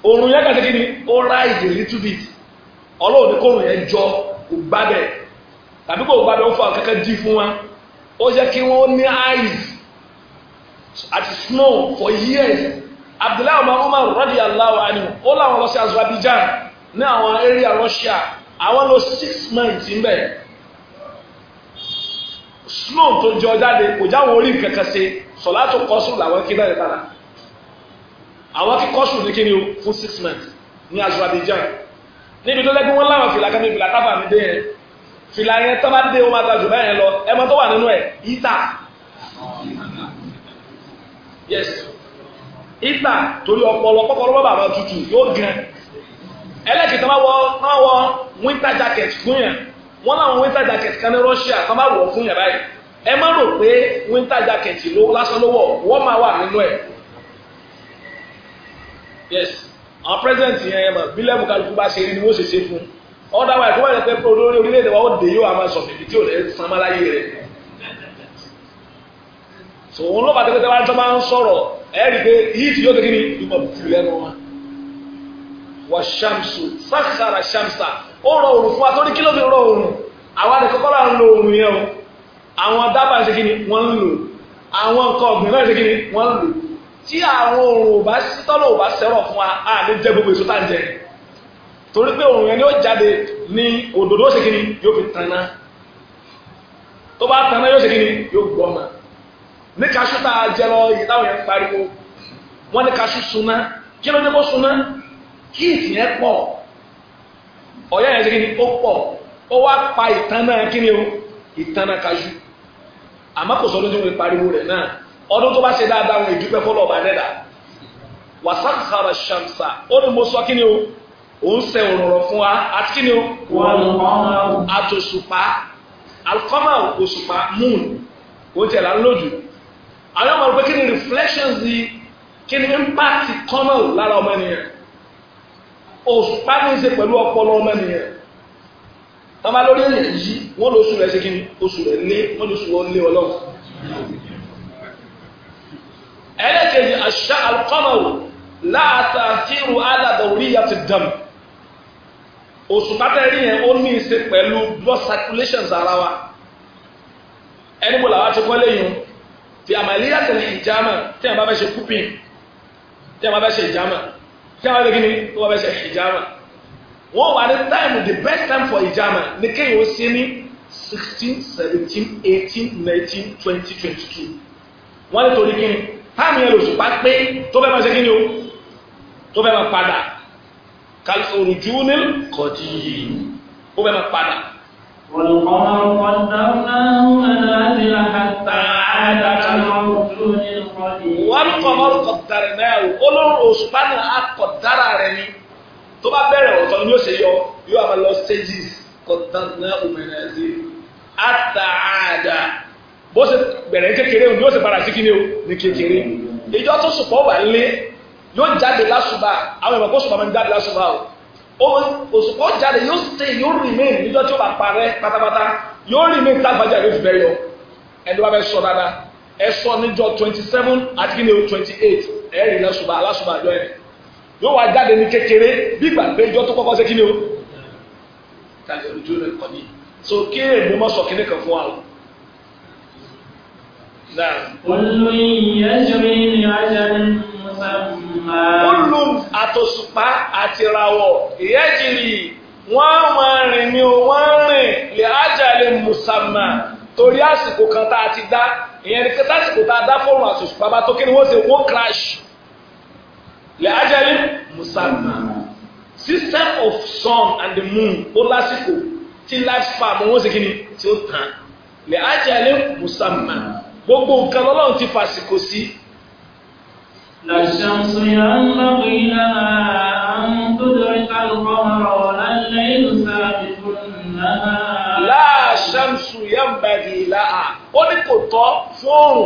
oòrùn yẹn kàtẹ́kì ni ó ráìsì little bit ọlọ́run ní kóòrùn yẹn jọ kò gbá bẹ̀ tàbí kò gbá bẹ̀ ó fa kẹ́kẹ́ dí fún wọn ó jẹ́ kí wọ́n ní eyes àti snow for years abdullahi umar umar radiyallahu anhu ó láwọn lọ sí azerbaijan ní àwọn area russia àwọn lò six months ń bẹ̀ snow tó jọ jáde kò jáwọn orí kankan ṣe sọ̀látò kọ́sù làwọn kí bẹ́ẹ̀ padà àwọn kí kọ́sù ní kíni o fún six months ní Azerbaijan níbi tó lẹ́gbẹ́ wọn láwọn fìlà kan ní fìlà tábà mi dé yẹn fìlà yẹn tábà dé wọn máa ta jù bẹ́ẹ̀ lọ ẹmọ tó wà nínú ẹ̀ ìta yes ìta torí ọpọlọ pọpọlọ bàbà máa tutù yóò gan ẹlẹ́kìtì máa wọ máa wọ winter jacket fún yẹn wọ́n láwọn winter jacket kan ní Russia kan máa wọ̀ fún yẹn báyìí ẹ má rò pé winter jacket ló lásán lówọ̀ wọ́n máa wà nínú ẹ̀ yes àwọn president yẹn yẹn mọ̀ bílẹ̀mù kálukú bá ṣe rí ni wọ́n ṣe ṣe fún ọ̀dà wa ẹ̀kọ́ wáyé pé olórí orílẹ̀-èdè wa ó dé yóò àmọ́ sọ̀fìn ibi tí ò lè san máa láyé rẹ̀ so òun ló bá tẹ́tẹ́ wá tó máa ń sọ̀rọ̀ ẹ̀rí pé yìí ti yóò tẹ́ kí ni ìmọ̀ bùkù lẹ́nu wa wà ṣàmṣù sáṣàrà ṣàmṣà ó rọ òrùn fún wa torí kí ló fi rọ òrùn àwa ni kọ́kọ́ ń lo òrùn yẹn o àwọn dábàá ṣe kíni wọ́n ń lò àwọn nǹkan ọ̀gbìn náà ṣe kíni wọ́n ń lò tí àwọn òrùn ò bá sí tọ́lọ̀ ò bá sẹ́rọ̀ fún wa lè jẹ gbogbo èso tá torí pé òrùn yẹn ni ó jáde ní òdòdó ṣe kíni yóò fi tanná tó bá tanná yóò ṣe kíni yóò gbọ́ ọmọ ní kaṣú tá a jẹ lọ èyí táwọn yẹn ń pariwo wọ́n ní kaṣú suná kí ló dé kó suná kí ìtìyẹn pọ̀ ọ̀yá yẹn ṣe kíni ó pọ̀ ó wá pa ìtanná kíni o ìtanná kaṣú àmọ́ kò sọ lójú mi pariwo rẹ̀ náà ọdún tó bá ṣe dáadáa wọn ìdúpẹ́ fọlọ́ ọba dẹ́dà wàsánkàrà ṣàmsà ó ní mo sọ kí ni o òun sẹ òrùnrọ̀ fún wa àti kí ni o àtòṣùpá alkọ́mà òṣùpá moon oúnjẹ là ń àwọn ọmọ rẹ̀ kí ni reflections di kí ni impact kọ́mà lára ọmọ ènìyàn òṣùpá ní í ṣe pẹ̀lú ọpọlọ ọmọ ènìyàn wọ́n máa lórí èèyàn yí wọ́n lóṣù rẹ̀ ṣe kí ni oṣù rẹ̀ lé wọ́n lóṣù wọn lé ọlọ́run. ẹlẹ́kẹ̀yìn àṣà alukọ́mọ̀rù láàtà kíru aládọ̀ orí ya ti dàm. oṣù pátẹ́rì yẹn ó ní í ṣe pẹ̀lú blood circulations ara wa. ẹni mo làwọn ti kọ́ lẹ́yìn fi àmàlíyà tẹ̀lé ìjàmà tí a bá fẹ́ ṣe kúpìn tí a bá fẹ́ ṣe ìjàmà tí a bá fẹ́ kí ni tó bá fẹ́ ṣe ìjàmà wọ́n wà ní time the best time for ìjàmà ní kéèyàn ó sí ní sixteen seventeen eighteen nineteen twenty twenty two wọ́n ní torí kíni táàmì yẹn lòsùn bá pé tó bẹ́ẹ̀ máa ṣe kíni o tó bẹ́ẹ̀ máa padà kàlùfòrò júùnì kọ̀dí ó bẹ́ẹ̀ máa padà. والقمر قدرناه منازل حتى عاد كالعرجون القديم والقمر قدرناه قلوا الأسبان أقدر رني tó bá bẹ̀rẹ̀ ọ̀tọ̀ ni yóò ṣe yọ yóò máa lọ stages kọ̀tàná òmìnirí àtàdà bó ṣe bẹ̀rẹ̀ kékeré ni yóò ṣe padà sí kíni o ní kékeré ìjọ tó sùpọ̀ wà lé yóò jáde lásùbà àwọn ìmọ̀ kó sùpọ̀ máa ń jáde lásùbà o òṣùpọ̀ jáde yóò stay yóò remain níjọ́ tí ó bá parẹ́ pátápátá yóò remain tágbájá yóò fi bẹ́ẹ̀ yọ ẹni wàá bẹ sọ dáadáa ẹ sọ níjọ́ twenty seven àti kíni o twenty eight ẹ̀ẹ́rì lásùbà lásùbà àjọ ẹ̀rì yóò wá jáde ní kékeré bí ìgbà pé ìjọ tó kọ́kọ́ ṣe kí ni o. kájọ ojú rẹ kọ ní. so kí èmi mọ sọ kíní kan fún wa o. Olú ìyẹ́sìrì ni ajá ní Mùsàlùmá. Olú àtòṣùpá àti ìràwọ̀ ìyẹ́sìrì wọ́n máa rìn ni o wọ́n rìn lè ajá lè Mùsàlùmá torí àsìkò kan tá a ti dá ìyẹn ní kí tásìkò tá a dá fóònù àtòṣùpá bá tó kí ni wọ́n ṣe wọ́n crash lè ajá lè spanner system of sun and the moon ó lásìkò tí life span wọ́n ṣe kí ni tí ó tán lè ájẹ́ alẹ́ mùsàmà gbogbo nǹkan lọ́lọ́run ti fàsìkò sí. للشمس ينبغي لها أن تدرك القمر ولا الليل سابق النهار. لا شمس ينبغي لها ó ní kò tọ́ fóònù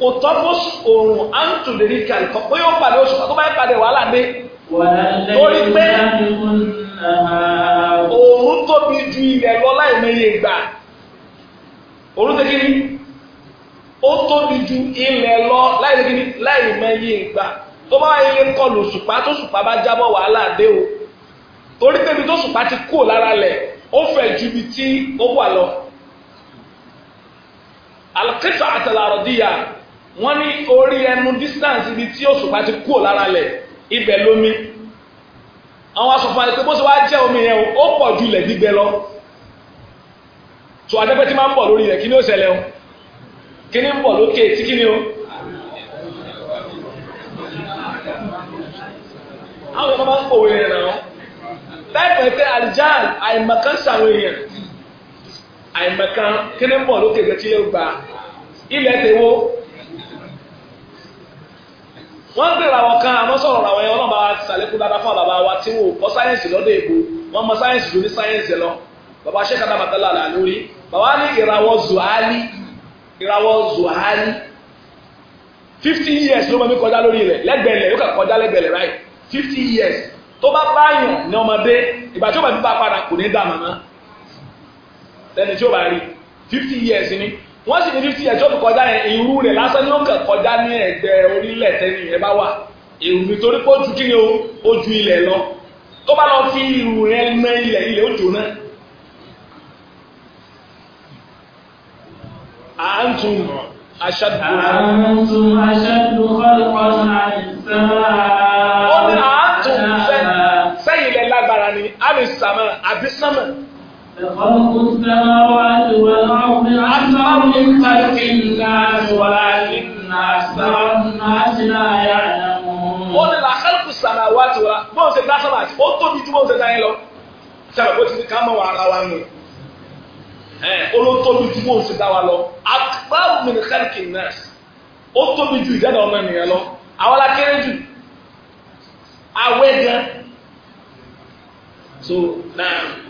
kò tọ́ fún òòrùn áńtùlérí kan kọ́ pé yóò pàdé oṣù tó bá yẹ pàdé wàhálà dé torí pé òòrùn tóbi ju ilẹ̀ lọ láìmọye ìgbà òòrùn tó kiri ó tóbi ju ilẹ̀ lọ láìmọye ìgbà tó bá yẹ ilé kọlù ṣùpá tó ṣùpá bá jábọ̀ wàhálà dé o torí pé ibi tó ṣùpá ti kú lára lẹ̀ ó fẹ̀ ju ibi tí ó wà lọ. alqita àtàlà wọ́n ní orí ẹnu distance ibi tí òṣùpá ti kúrò lára lẹ̀ ibẹ̀ lómi àwọn asọ̀fà ìpè bó ṣe wá jẹ́ omi yẹn ó pọ̀ ju ilẹ̀ gbígbẹ lọ tó adẹ́pẹ́ tí máa ń bọ̀ lórí rẹ̀ kí ni ó ṣẹlẹ̀ o kí ni ń bọ̀ lókè tí kí ni o. àwọn ọmọ máa ń pòwe yẹn náà láìpẹ́ pé alijan àìmọ̀kan ṣàwọn èèyàn àìmọ̀kan kí ni ń bọ̀ lókè gẹ́gẹ́ tí yóò gba ilẹ̀ tèwo. wọ́n bèrè àwọn kan àmọ́ sọ̀rọ̀ àwọn ẹ̀yọ́ náà bá sàlékún dáadáa fún bàbá wa tí wọ́n kọ́ sáyẹ́nsì lọ́dọ̀ èbó wọ́n mọ sáyẹ́nsì ní sáyẹ́nsì lọ bàbá ṣẹ́ka náà bàbá ní ìràwọ̀ zuhali ìràwọ̀ zuhali fifty years ló kọjá lórí yóò kà fifty years tó bá ní ọmọdé ìgbà tí ó bá bá padà kò ní fifty years ni wọ́n sì ní fifty years tó fi kọjá yẹn irú rẹ̀ lásán ni ó kàn kọjá ní ẹ̀gbẹ́ orílẹ̀ tẹ́ni yẹn bá wà èrù nítorí pé ó ju kíni o ó ju ilẹ̀ lọ tó bá lọ fi irú yẹn ná ilẹ̀ ilẹ̀ ó jóná. àǹtùm aṣáájú. àǹtùm aṣáájú kọ́lùkọ́ náà ìsẹ́wà. ó ní àǹtùm sẹ́yìn lẹ́ lágbára ni àmì sàmà àbí sàmà. بخلق السماوات والأرض أكثر من خلق الناس ولكن أكثر الناس لا يعلمون. ó ní la خلق السماوات والأرض bóun ṣe dá sọ́mà àti ó tóbi ju bóun ṣe dá yẹn lọ sábà bó ti ní ká mọ̀ wà ara wa nù olótóbi ju bóun ṣe dá wa lọ akbar min khalq an-nas ó tóbi ju ìdáná ọmọ ènìyàn lọ àwọn akéré jù awẹ́ gan so náà.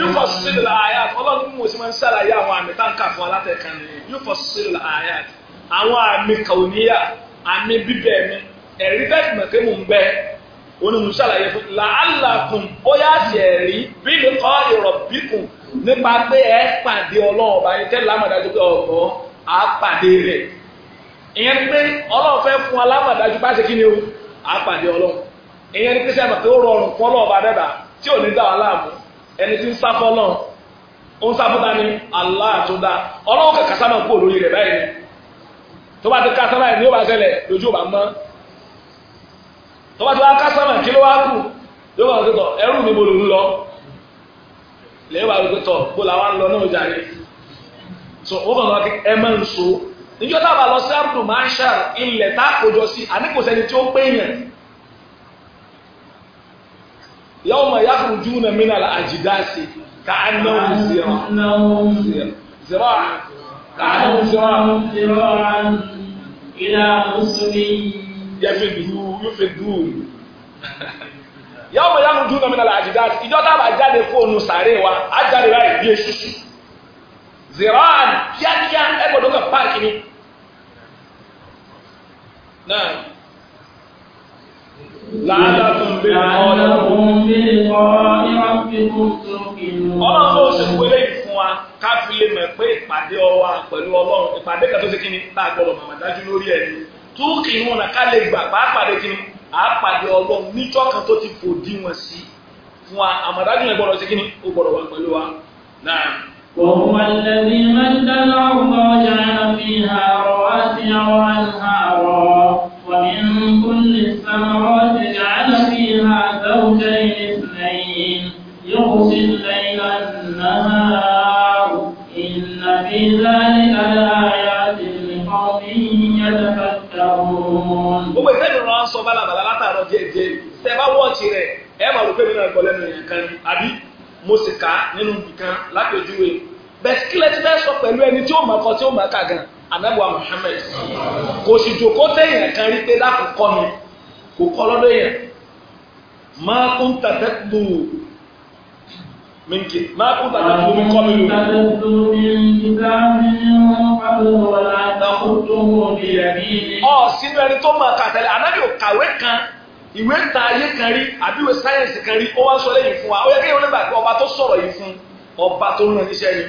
yóò fọ sílẹ̀ la àyà ọlọ́run ní mo sì máa ń ṣàlàyé àwọn àmì táǹkà fún alátẹ̀kan ni yóò fọ sílẹ̀ la àyà àwọn àmì kàwéníyà àmì bíbẹ̀ mi ẹ̀rí bẹ́ẹ̀ mọ̀ pé mò bẹ́ onímù ṣàlàyé fún làálàkùn bóyá ṣe ẹ̀rí bí mi kọ́ ìrọ̀bíkùn nípa pé ẹ pàdé ọlọ́run bá yín tẹ́lẹ̀ lámàdájú pé ọ̀gbọ́n á pàdé rẹ̀ ìyẹn pé ọlọ́run fẹ́ fún alámàdájú bá ṣe kí ni o á pàdé ọlọ́run ìyẹn ni pé sẹ́yìn mọ̀ pé ó rọrùn fún ọlọ́run bá dẹ́gbà tí ò ní dá wa láàmú ẹni tí ń sá fọ́lọ́ ó ń sá fún dání Allah tó dá ọlọ́wọ́ kẹ̀kẹ́ sábà kú olórí rẹ̀ báyìí tó bá ti ká sábà ní ó bá ṣẹlẹ̀ lójú bá mọ́ tó bá ti wá ká sábà kí ló wá kù yóò bá wọ́n tọ̀ ẹrú mi mo lò ń lọ lẹ́yìn bá wọ́n tọ̀ bó la wá ń lọ náà jàre so ó kàn lọ kí ẹ máa ń so níjọ́ tábà lọ sí àbùdù máa ń ṣàr ilẹ̀ tá àkójọ sí àníkòsẹ́ni tí ó pé yẹn yawma yakhrujuna min al كأنهم ka'annahum zira'a ka'annahum zira'a ila rusulin yufidun yawma yakhrujuna min al-ajdasi ìjọ táwọn àjáde fóònù sàárè wa àjáde láì bí eṣuṣu zira'a kíákíá ẹgbẹ̀dọ́gbẹ̀ páàkì ni làálàkùn bí ọlọ́run ló ṣe wọlé fún wa ká fi lè mọ̀ pé ìpàdé ọwa pẹ̀lú ọlọ́run ìpàdé kan tó ṣe kíni tá a gbọ́dọ̀ màmá dájú lórí ẹ̀ ni túkì ká lè gbà pàápàdé kíni àápàdé ọlọ́run níjọ́ kan tó ti wọn sí fún wa gbọ́dọ̀ ṣe kíni ó gbọ́dọ̀ wà pẹ̀lú wa الثمرات جعل فيها زوجين اثنين يغشي الليل النهار إن في ذلك لآيات لقوم يتفكرون gbogbo nínú nìkan lápèjúwe sọ ẹni tí ó ọkọ tí ó gan kò sì jòkó kan rí kò kọ́ lọ́dọ̀ yẹn máa kún tàtẹ́ tó minke máa kún tàtẹ́ tó mi kọ́ mi lò. tàtẹ́ tó mi nígbà mi wọ́n kọ́ wọ́n la takò tó wọ́n mi rẹ̀ mí. ọ sínú ẹni tó máa kà tẹ́lẹ̀ anábì ò kàwé kan ìwé ta ayé kan rí àbí ìwé sáyẹ̀nsì kan rí ó wá sọ lẹ́yìn fún wa ó yẹ kéèyàn lè gbà ọba tó sọ̀rọ̀ yìí fún ọba tó rán níṣẹ́ yìí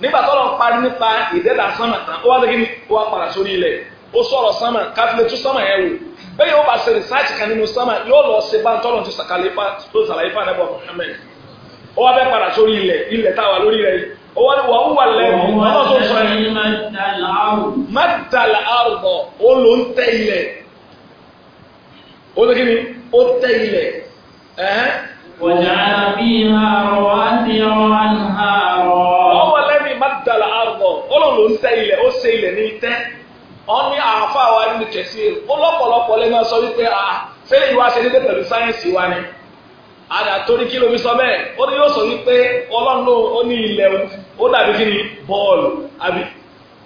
nígbà tó lọ́n parí nípa ìdẹ́dà sánmà tán ó wá lé kí ni ó wá padà sórí ilẹ̀ ó sọ̀rọ̀ sánmà káfílẹ̀ tún sánmà yẹn wò bẹ́ẹ̀ yóò bá ṣe research kan nínú sánmà yóò lọ ṣe bá ń tọ́lọ̀ ti sàkàlẹ̀ ifá tó sàlàyé fún anábọ̀ Muhammad ó wá fẹ́ padà sórí ilẹ̀ ilẹ̀ táwa lórí rẹ̀ ó wá ní wà ó wà lẹ́nu ọmọ tó sọ yìí mẹ́tàlá àrùbọ̀ ó ló ń tẹ ilẹ̀ ó ní ni ó tẹ ilẹ̀ ẹ̀hẹ́n. wọ̀nyára bí àrọ̀ wá sí ọ̀rọ̀ àrọ̀. ọwọ́ lẹ́ni mẹ́tàlá àrùbọ̀ ó ló ń tẹ ilẹ̀ ó ṣe ilẹ̀ ní tẹ́ wọn ní àáfà wa nínú tẹ̀sí ó lọ́pọ̀lọpọ̀ lè máa sọ wípé a fẹ́lẹ̀ yìí wá ṣe dédé pẹ̀lú sáyẹ́ǹsì wa ni àdà torí kí lomi sọ bẹ́ẹ̀ ó ní yóò sọ wípé ọlọ́run ó ní ilẹ̀ ó dàbí kí ni bọ́ọ̀lù àbí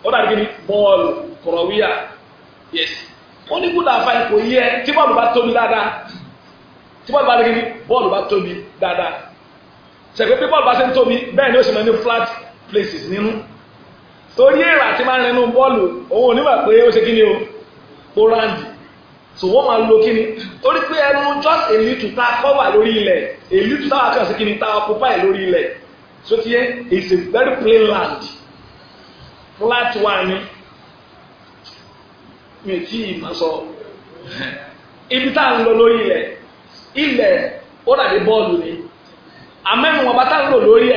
ó dàbí kí ni bọ́ọ̀lù kọ̀rọ̀wíyà yes ó ní kúndà àfa ipò yí ẹ tí bọ́ọ̀lù bá tóbi dáadáa tí bọ́ọ̀lù bá tóbi bọ́ọ̀lù bá tóbi dáadáa ṣẹ̀gbẹ́ bí bọ́ọ̀lù bá ṣe ń tóbi bẹ́ẹ̀ ni ó sì máa ní flat places nínú torí èrà tí máa ń rinú bọ́ọ̀lù òun ò nígbà pé ó ṣe kí ni o wọ́n máa lo kí ni torí pé ẹnu just elitu little cover lórí ilẹ̀ kàn sí kí ni so ti yẹ is a very plain land flat one. mi ibi tá a ń lọ lórí ilẹ̀ ilẹ̀ ó ni àmẹ́nu tá a ń lò lórí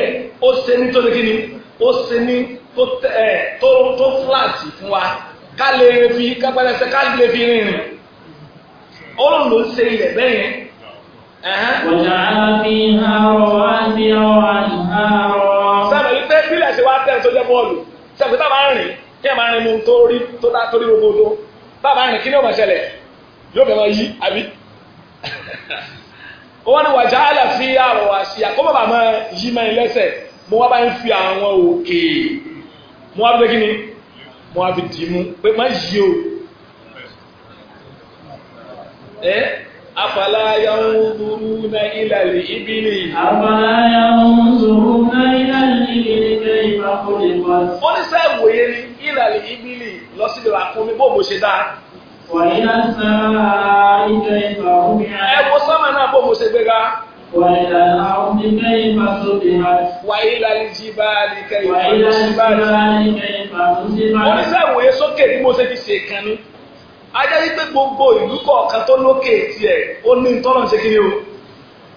ni tó ẹ tó tó fúláàtì fún wa ká lè fi kápẹ́lẹ́sẹ̀ ká lè fi rìnrìn ó lò ló ń ṣe ilẹ̀ bẹ́ẹ̀ yẹn. ọ̀jà fi hàrọ̀ wá sí ọ̀rọ̀ àìhàrọ̀. sábà wípé bílẹ̀ ṣe wá tẹ̀ tó jẹ́ bọ́ọ̀lù sábà tá a máa rìn kí ẹ máa rìn mu tó rí tó dá torí rogodo tá a máa rìn kí ni ó máa ṣẹlẹ̀ yóò bẹ̀rẹ̀ yí àbí wọ́n ní wàjà àlàáfíà rọ̀ wá sí àkọ́bọ̀ bàmọ́ yí mẹ́rin lẹ́sẹ̀ mo wá bá ń fi àwọn òkè mo wá pé kí ni mo wá fi dì í mú pé má yí o ẹ afala yanzuruna ila al-ibili. afala yanzuruna ila al-ibili kayfa khuliqat. ó ní sẹ́ ìwòye ni ilali ibili lọ sí ìlà kún mi bó mo ṣe dáa. wà á yá sáà ìkẹyìn bàbá mi. ẹ wo sọ́mọ náà bó mo ṣe gbéga. وإلى الأرض كيف سطحت وإلى الجبال كيف نصبت wọ́n ní sáwòye sókè ní mo ṣe fi ṣe kan ní ajá yí pé gbogbo ìlú kọ̀ọ̀kan tó lókè tiẹ̀ ó ní tọ́lọ̀ ṣe kí ni o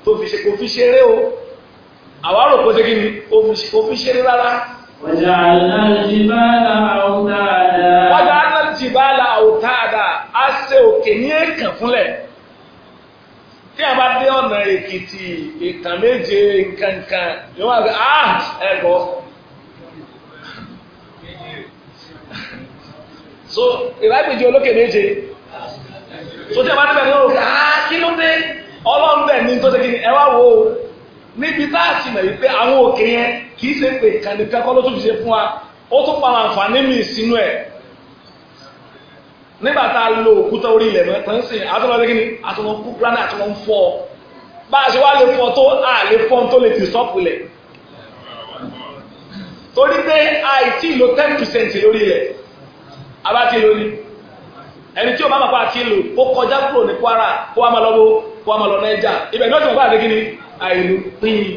tó fi ṣe kò fi ṣeré o àwa rò kó ṣe kí ni kò fi ṣeré rárá. wàjà alálìjìbálà àwòtáàdà. wàjà alálìjìbálà àwòtáàdà á ṣe òkè ní èèkàn fúnlẹ̀ tí a bá dé ọ̀nà èkìtì ìkàn méje nkankan yóò wá sí ah ẹ̀gọ́ so ìrágbèjì olókè méje so tí a bá dé bẹ̀rẹ̀ lọ́wọ́ ah kí ló dé ọlọ́run bẹ̀ ní tó ṣe kí ni ẹ wá wo níbi tá a ti mọ̀ wípé àwọn òkè yẹn kì í ṣe pé kànìkan kọ́ ló tún fi ṣe fún wa ó tún pa àwọn àǹfààní mi sínú ẹ̀ nígbà tá a lo òkúta orí ilẹ̀ mọ́ tán sìn àtọ́lọ́ bí kíni àtọ́lọ́ kú granite àtọ́lọ́ ń fọ́ bá a ṣe wá lè fọ́ tó a lè fọ́ tó lè fi sọ́ọ̀pù lẹ̀ torí pé àìtí lo ten percent lórí ilẹ̀ abáti lórí ẹni tí o bá máa pa àti lò ó kọjá kúrò ní Kwara kó wá máa lọ bó kó wá máa lọ Naija ibẹ̀ ní ọjọ́ ìgbà àdé kíni àìlú pín in.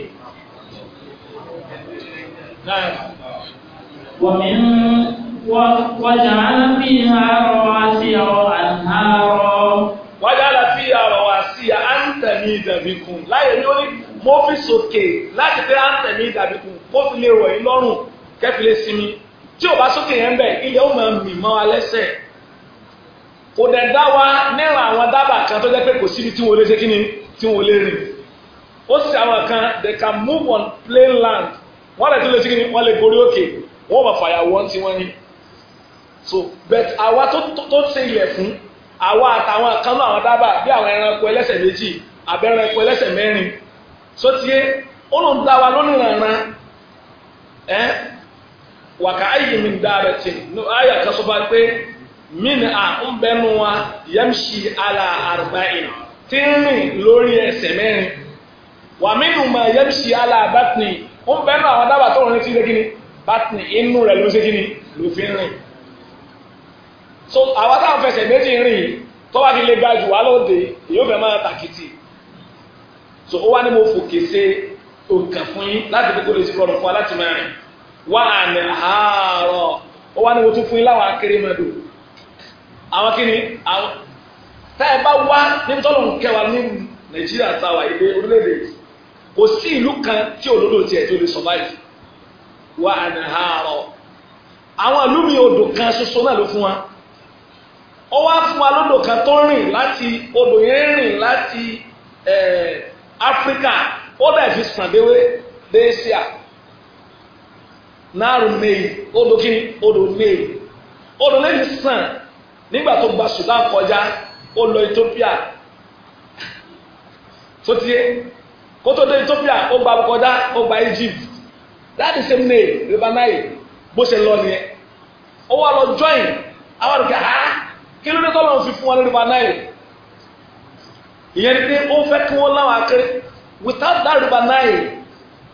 وجعل فيها رواسي وأنهارا وجعل فيها رواسي أن تميد بكم láyé ni ó ní mo fi sókè láti pé أن تميد بكم kó fi lè rọ̀ yín lọ́rùn kẹ́fi lè sinmi tí ò bá sókè yẹn bẹ̀ ilẹ̀ ó máa mì mọ́ wa lẹ́sẹ̀ kò dẹ̀ dá wa níran àwọn dábàá kan tó jẹ́ pé kò síbi tí wọ́n lè ṣe kí ni tí wọ́n lè rìn ó sì àwọn kan they can move on plain land wọ́n lè tún lè ṣe kí ni wọ́n lè gorí òkè wọ́n bá fàyàwọ́ tí wọ́n ní so but àwa tó ṣe ilẹ̀ fún àwa àtàwọn kan náà àwọn dábàá bí àwọn ẹranko ẹlẹ́sẹ̀ méjì àbẹ́ ẹranko ẹlẹ́sẹ̀ mẹ́rin so tiye ó ló ń dá wa lónìí rànran ẹ wàkà ayé mi dá rẹ tì ní ayé àkàsọ́fà pé mí ni à ń bẹnu wa yẹ́mṣì àlà arba'in tí ń rìn lórí ẹsẹ̀ mẹ́rin wà mí nù mà yẹ́mṣì àlà batni ń bẹnu àwọn dábàá tó rìn sí ṣe kí ni batni inú rẹ̀ ló ṣe kí ni ló fi ń rìn so àwa táwọn fẹsẹ̀ méjì rìn tó bá fi lè gba jù wá lóde yóò fẹ́ máa tàkìtì so ó wá ní mo fòkè ṣe òǹkà fún yín láti fi kó lè ti rọrùn fún wa láti máa rìn wá àmì àárọ̀ ó wá ní mo tún fún yín láwọn akérèmọdò àwọn kí ni àwọn tá ẹ bá wá níbi tọ́lọ̀ ń kẹwàá ní nàìjíríà táwa ilé orílẹ̀-èdè kò sí ìlú kan tí olódò tiẹ̀ tó lè survive wá àmì àárọ̀ àwọn ìlú mi odò kan ṣoṣo náà ló fún wa. ó wá fún kan tó rìn láti odò rìn láti áfíríkà ó dẹ̀ fi sàn déwé dé Asia náàrú mail odò kí odò mail odò lè sàn nígbà tó gba Sudan kọjá ó lọ Ethiopia tó tiẹ̀ kó tó dé Ethiopia ó gba kọjá ó gba Egypt that is same name River Nile bó kí ló dé tọ́lọ́run fi fún wa lórí wa náírà ìyẹn ni pé ó fẹ́ kí wọ́n láwọn akéré without that riba náírà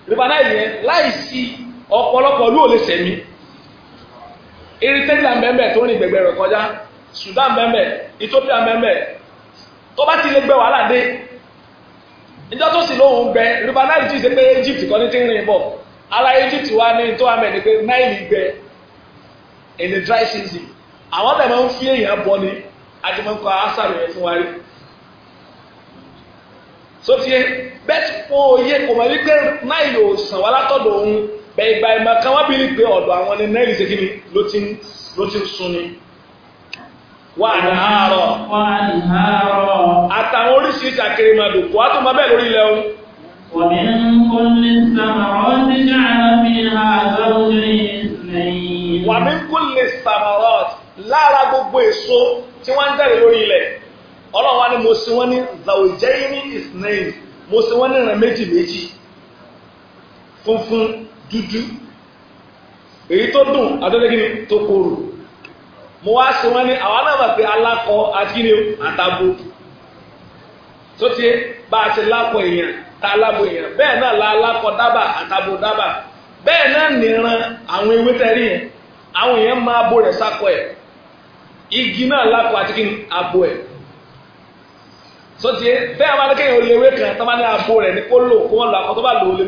riba náírà yẹn láì sí ọ̀pọ̀lọpọ̀ ló lè sẹ̀mí eritẹ́tà mẹ́mẹ́ tó rìn gbẹ̀gbẹ̀ rẹ̀ kọjá Sudan mẹ́mẹ́ Ethiopia mẹ́mẹ́ tó bá ti lè gbẹ wàhálà dé ìjọ tó sì lóhùn gbẹ riba náírà ti ṣe pé Egypt kọ́ ní ti ń rìn bọ̀ ara Egypt wa ní tó amẹ́ ni pé náírà gbẹ in the dry season àwọn ọ̀dà máa ń fi èèyàn bọ ni àti máa ń kọ àṣàrò yẹn fún wa rí sotie bẹ́ẹ̀ kó yẹ kò mọ̀ wípé náà yóò sàn wá látọ̀dọ̀ òun bẹ́ẹ̀ ìgbà ìmọ̀ kan wá bíi pé ọ̀dọ̀ àwọn ni náà yìí ṣe kí ni ló ti ń ló ti ń sun ni. wà á nàárọ̀ wà á nàárọ̀ àtàwọn oríṣiríṣi àkèrèmàdò kò tó máa bẹ́ẹ̀ lórí ilẹ̀ o. ومن كل الثمرات جعل منها زوجين lára gbogbo èso tí wọ́n ń jáde lórí ilẹ̀ ọlọ́run wa ni mo sin wọ́n ní zaojẹ́yìnì isnail mo sin wọ́n ní méjì méjì funfun dúdú èyí tó dùn adọ́dẹ́gìnì tó korò mo wá sin wọ́n ní àwọn náà pé ta alábò èèyàn bẹ́ẹ̀ náà la dábà àtàbò dábà bẹ́ẹ̀ náà nìran àwọn ewé tẹ́rí yẹn àwọn èèyàn igi náà lápò àti kí abo ẹ̀ so tiẹ̀ bẹ́ẹ̀ bá kéèyàn olè ewé kan tó bá ní abo rẹ̀ ní kó lò kó wọ́n lọ akọ tó bá lò ó lè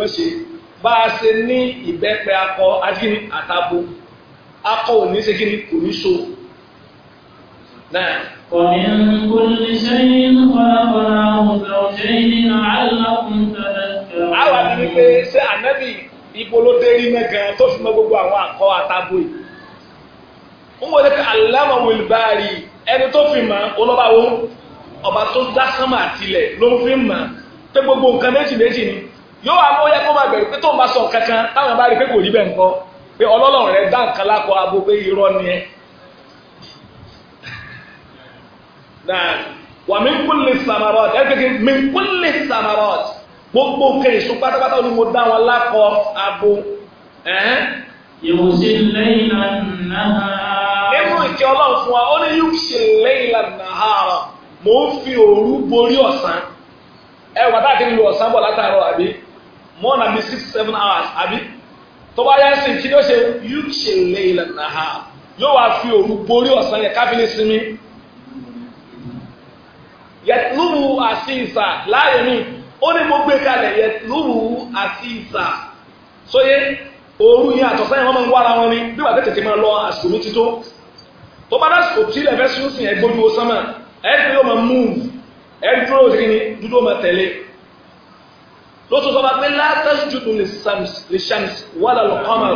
bá a ṣe ní ìbẹ́pẹ akọ àti kí ni àtàbò akọ ò ní ṣe kí ni kò ní so náà. ومن كل شيء خلقناه زوجين لعلكم تذكرون. àwọn àti wípé ṣé ànábì ibo ló dé rí mẹ́gàn tó fi ń wọlé pé aláma wilbari ẹni tó fi mà ọlọ́ba wo ọba tó dá sánmà àtìlẹ̀ ló ń fi mà pé gbogbo nǹkan méjì méjì ni yóò àwọn oyè kó máa bẹ̀rù pé tó ń bá sọ kankan táwọn bá rí pé kò rí bẹ́ẹ̀ nǹkan pé ọlọ́lọ́run rẹ̀ dá nǹkan lákọ abo pé irọ́ ni ẹ. wà mí kúlè samarot ẹ kékeré mí kúlè samarot gbogbo nǹkan èso pátápátá ni mo dá wọn lákọ abo. ìwòsí lẹ́yìn náà nàá. Nke ọlọ́run fún wa ó ní yóò ṣe lẹ́yìnlá fi òru borí ọ̀sán ẹ wà tá ọsan ọ̀sán bọ̀ látàárọ̀ àbí more than seven hours àbí tó bá yá sí kí ló ṣe yóò ṣe lẹ́yìnlá yóò fi òru borí ọ̀sán ya káfíńsì sinmi yẹtùlùmù àti ìsà láàyè mi ó ní mo gbé kalẹ̀ yẹtùlùmù àti ìsà sóyè òru yẹn àtọ̀sán yẹn wọ́n máa ń wọn ni bí wàá tètè máa tó bá lásìkò tí ilẹ̀ fẹ́ sún sí ẹgbójú ó sánmà ẹgbẹ́ yóò máa múùvù ẹgbẹ́ dúró sí ni dúdú ó tẹ̀lé lótú sọ pé látàsí jùlọ lè ṣàmìs wà lálọ́ kọ́mà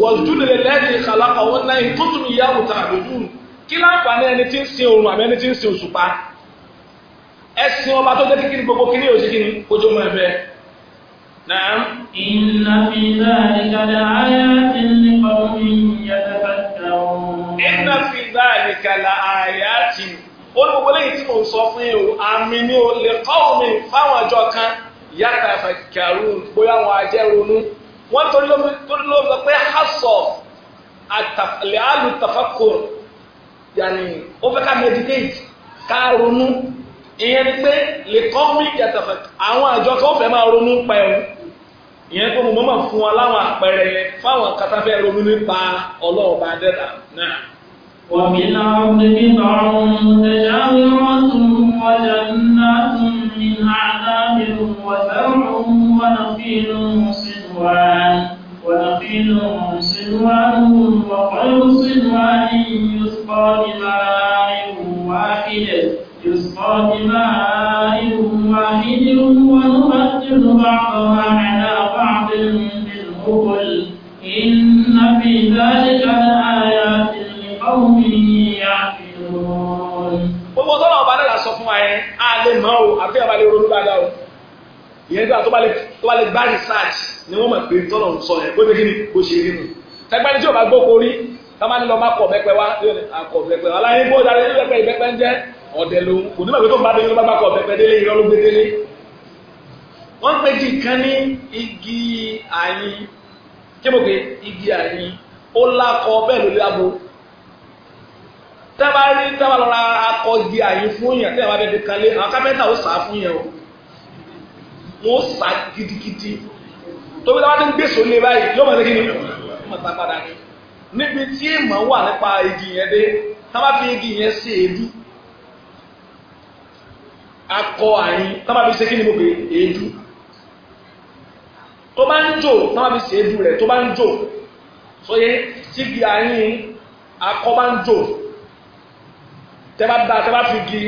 wọ́n lè lẹ́ẹ̀dì kàlákà wọn náà ń tuntun ìyá òtà àdójú kí láǹfààní ẹni tí ń sin oòrùn àmì ẹni tí ń sin òṣùpá ẹsìn ọba tó jẹ́ kíkiri gbogbo kíní òṣìkíní ojú mọ́ ẹ̀fẹ́ Na'am. Inna fi dhalika la'ayatin liqawmin yatafakkarun inna fi dhalika la ayatin ó ní gbogbo lẹ́yìn tí mo sọ fún yìí o àmì ni o lè kọ́ omi fáwọn àjọ kan yatafakkarun bóyá wọn ajẹ́ ronú wọ́n torí ló sọ pé hasọ àlù tafakkur yàní ó fẹ́ ká meditate ká ronú ìyẹn ni pé lè kọ́ omi yatafakkarun àwọn àjọ kan ó fẹ́ máa ronú pẹ̀lú ìyẹn kó mo máa fún wa láwọn àpẹẹrẹ fáwọn kátàfẹ́ ronú nípa ọlọ́ọ̀bá dẹ́ta náà. وفي الأرض بضع متجاورات وجنات من أعناب وزرع ونخيل صنوان ونخيل صنوان وغير صنوان يسقى بماء واحد يسقى بماء واحد ونفضل بعضها على بعض بالأكل إن في ذلك لآيات لقوم يعقلون gbogbo tọ́lá ọba náà sọ fún wa yẹn a lè mọ̀ o àfi àbá lè ronú dáadáa o ìyẹn nígbà tó bá lè gbá research ni wọ́n mọ̀ pé tọ́lá ń sọ yẹn bó ṣe kí ni bó ṣe rí nu tẹgbẹ́ni tí o bá gbókòó rí sábà ní lọ má kọ bẹpẹ wa akọ bẹpẹ wa aláyé bó darí bẹpẹ ìbẹpẹ ń jẹ ọdẹ lòun kò ní bàbá tó ń bá délé ló bá kọ bẹpẹ délé irọ́ ló gbé délé. wọ́n pe igi kan ní igi àyìn kí mo pe igi àyìn ó lakọ bẹ́ẹ̀ ló lábo. tábà rí tábà lọ́ra akọ igi àyìn fún yàn tẹ́lẹ̀ wá bẹ́ẹ̀ fi kan lé àwọn kápẹ́ntà ó sà á fún yàn o wọ́n sà gidigidi tóbi táwọn ti ń gbèsò lé báyìí yóò mọ̀ ní kí ni wọ́n mọ̀ tá padà ní níbi tí ìmọ̀ wà nípa igi yẹn dé tá bá fi igi yẹn ṣe èédú akọ àyín tá fi ṣe kí ni mo pè èédú tó bá ń jò tá bá fi ṣe èédú rẹ̀ tó bá ń jò sóye tí igi àyín akọ bá ń jò tẹ́ bá dá tẹ́ fi igi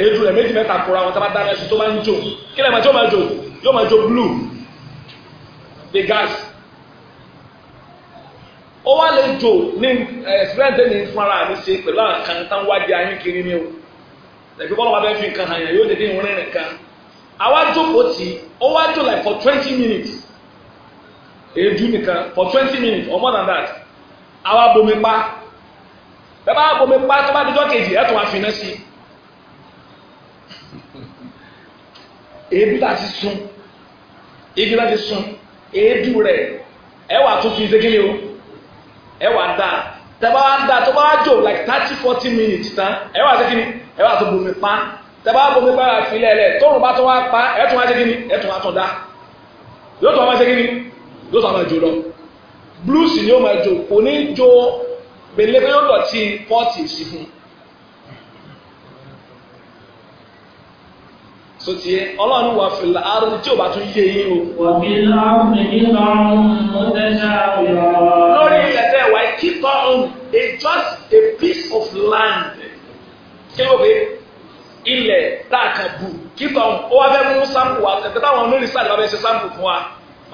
èédú rẹ̀ méjì mẹ́ta kóra wọn tá bá dá mẹ́sì tó bá ń jò kí lẹ́ẹ̀ma tí ó máa jò yóò máa jò blue the gas. ó wá lè jò ní ẹ̀sìrẹ́ǹtẹ́ ní fúnra mi ṣe pẹ̀lú àkàn tán wájú ayé kiri ni o ẹ̀fí bọ́lá wa bẹ́ẹ̀ fi nǹkan hàn yẹn yóò dédé ìrìn rìn kan àwa jókòó ó wá like for twenty minutes èédú nìkan for twenty minutes or more than that àwa bomi pa bẹ́ẹ̀ bá bomi pa tó bá kejì ẹ̀ tó wá sí sun igi láti sun èédú rẹ̀ ẹ̀ wà tó fi ṣe o. ẹ wà dá tẹ́bá wá dá tó bá wá jò like thirty forty minutes tán ẹ wà sí kíni ẹ wà tó bomi pa tẹ́bá wá bomi pa fi lẹ́lẹ̀ tóun bá tó wá pa ẹ tún wá sí kíni ẹ tún wá tún dá yóò tún wá sí kíni yóò tún wá jò lọ blues ni ó máa jò kò ní jò gbèlè yóò lọ tí forty sí fún un. so tiẹ ọlọ́run wà fìlà àrùn tí o bá tún yé yín o. wàbí láwùmí nínú àwọn mọ̀tẹ́sà yọ. lórí ẹ̀fẹ̀ wà kíkọ́ ọ̀hún it's just a piece of land. kí ló dé ilẹ̀ tá a kà bù kíkọ́ ọ̀hún ó wá fẹ́ mú sáǹpù wa tẹ̀tẹ̀ táwọn olórí sáà lọ́wọ́ ṣe sáǹpù fún wa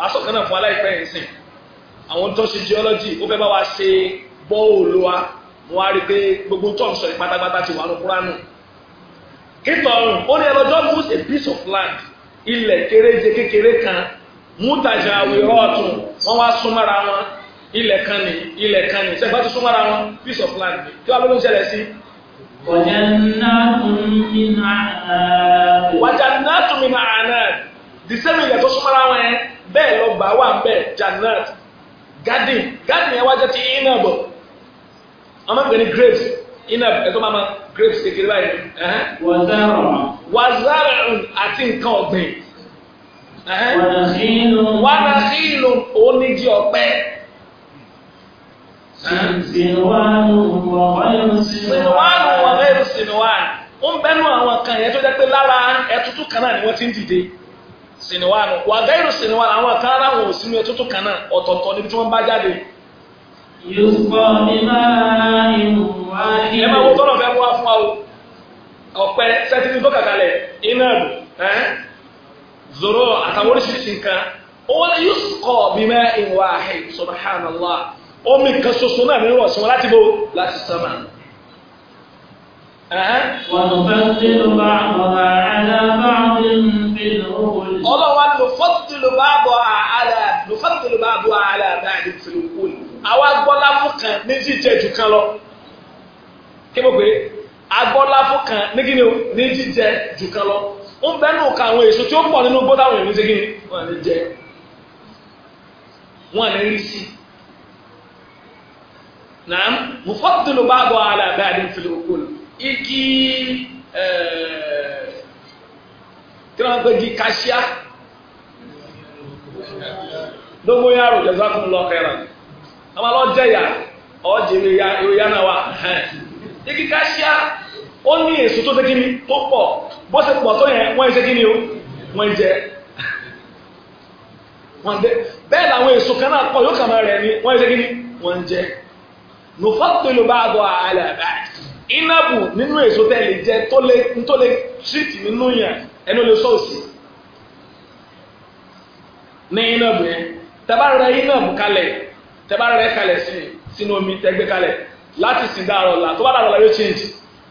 àsọ̀kan náà fún wa láìpẹ́ yẹn sìn. àwọn tó ṣe geology ó fẹ́ bá wa ṣe bọ́ọ̀lù wa wọ́n á rí i pé gbogbo tó ń sọ ìtọ̀run ó ní ẹlọ́jọ́ must a piece of land ilẹ̀ kéréje kékeré kan mútajà àwòrán ọ̀tún wọ́n wá súnmọ́ra wọn ilẹ̀ kan ní ilẹ̀ kan ní sẹ́gbà tó súnmọ́ra wọn piece of land kí wọ́n ló ń ṣẹlẹ̀ sí. wàjànàtù mi the same ilẹ̀ tó súnmọ́ra wọn yẹn bẹ́ẹ̀ lọ gbà wà bẹ́ẹ̀ jannat garden garden yẹn wájá ti iná bọ̀ ọmọ inab ẹ̀tọ́ máa ma grapes kékeré báyìí. wazarun àti nǹkan ọ̀gbìn. wanahilu oníjì ọ̀pẹ. sinuwanu wọ̀n rẹ̀ sinuwanu. ó ń bẹ́nu àwọn kan yẹn tó jẹ́ pé lára ẹ̀tútù kan náà ni wọ́n ti ń dìde sinuwanu wàgẹ́rù sinuwanu àwọn kan ara wọn ò sínú ẹ̀tútù kan náà ọ̀tọ̀ọ̀tọ̀ níbi tí wọ́n bá jáde ẹ máa wọ́n tọ́nà fẹ́ mú wá fún wa o ọ̀pẹ sẹ́tìtì tó kàkálẹ̀ iná ẹ̀ zoro àtàwọn oríṣiríṣi nǹkan wọ́n yusqa bima'in wahid subhanallah omi kan ṣoṣo náà nínú ọ̀sìn wọn láti bó láti sánmà. ọlọ́wà lò bá bọ̀ àlà lò bá bọ̀ àlà bá àdìsílù kúlù. àwa gbọ́lá fún kan ní jíjẹ jù kan lọ kí mo pè é agbọ́lá fún kan ní kí ni o ní jíjẹ jù kan lọ ń bẹ́ nù ka àwọn èso tí ó pọ̀ nínú gbọ́dá ṣe kí ni wọ́n lè wọ́n lè rí sí ala baadi fili okun igi kíni wọn gbé gi àwọn ọlọ́jẹ́ ìyá ọ̀jẹ̀ ìròyìn àná wa igi ó ní èso tó ni tó pọ̀ bó ṣe pọ̀ tó yẹn wọ́n ṣe kí ni o wọ́n ń jẹ bẹ́ẹ̀ làwọn èso kan náà pọ̀ yóò ni ṣe kí ni ń jẹ bá inabu nínú èso lè jẹ tẹ́bára rẹ̀ kalẹ̀ sí sínú omi tẹ́gbẹ́ kalẹ̀ láti sìn dáàrọ̀ ọ̀la tó bá dáàrọ̀ ọ̀la yóò change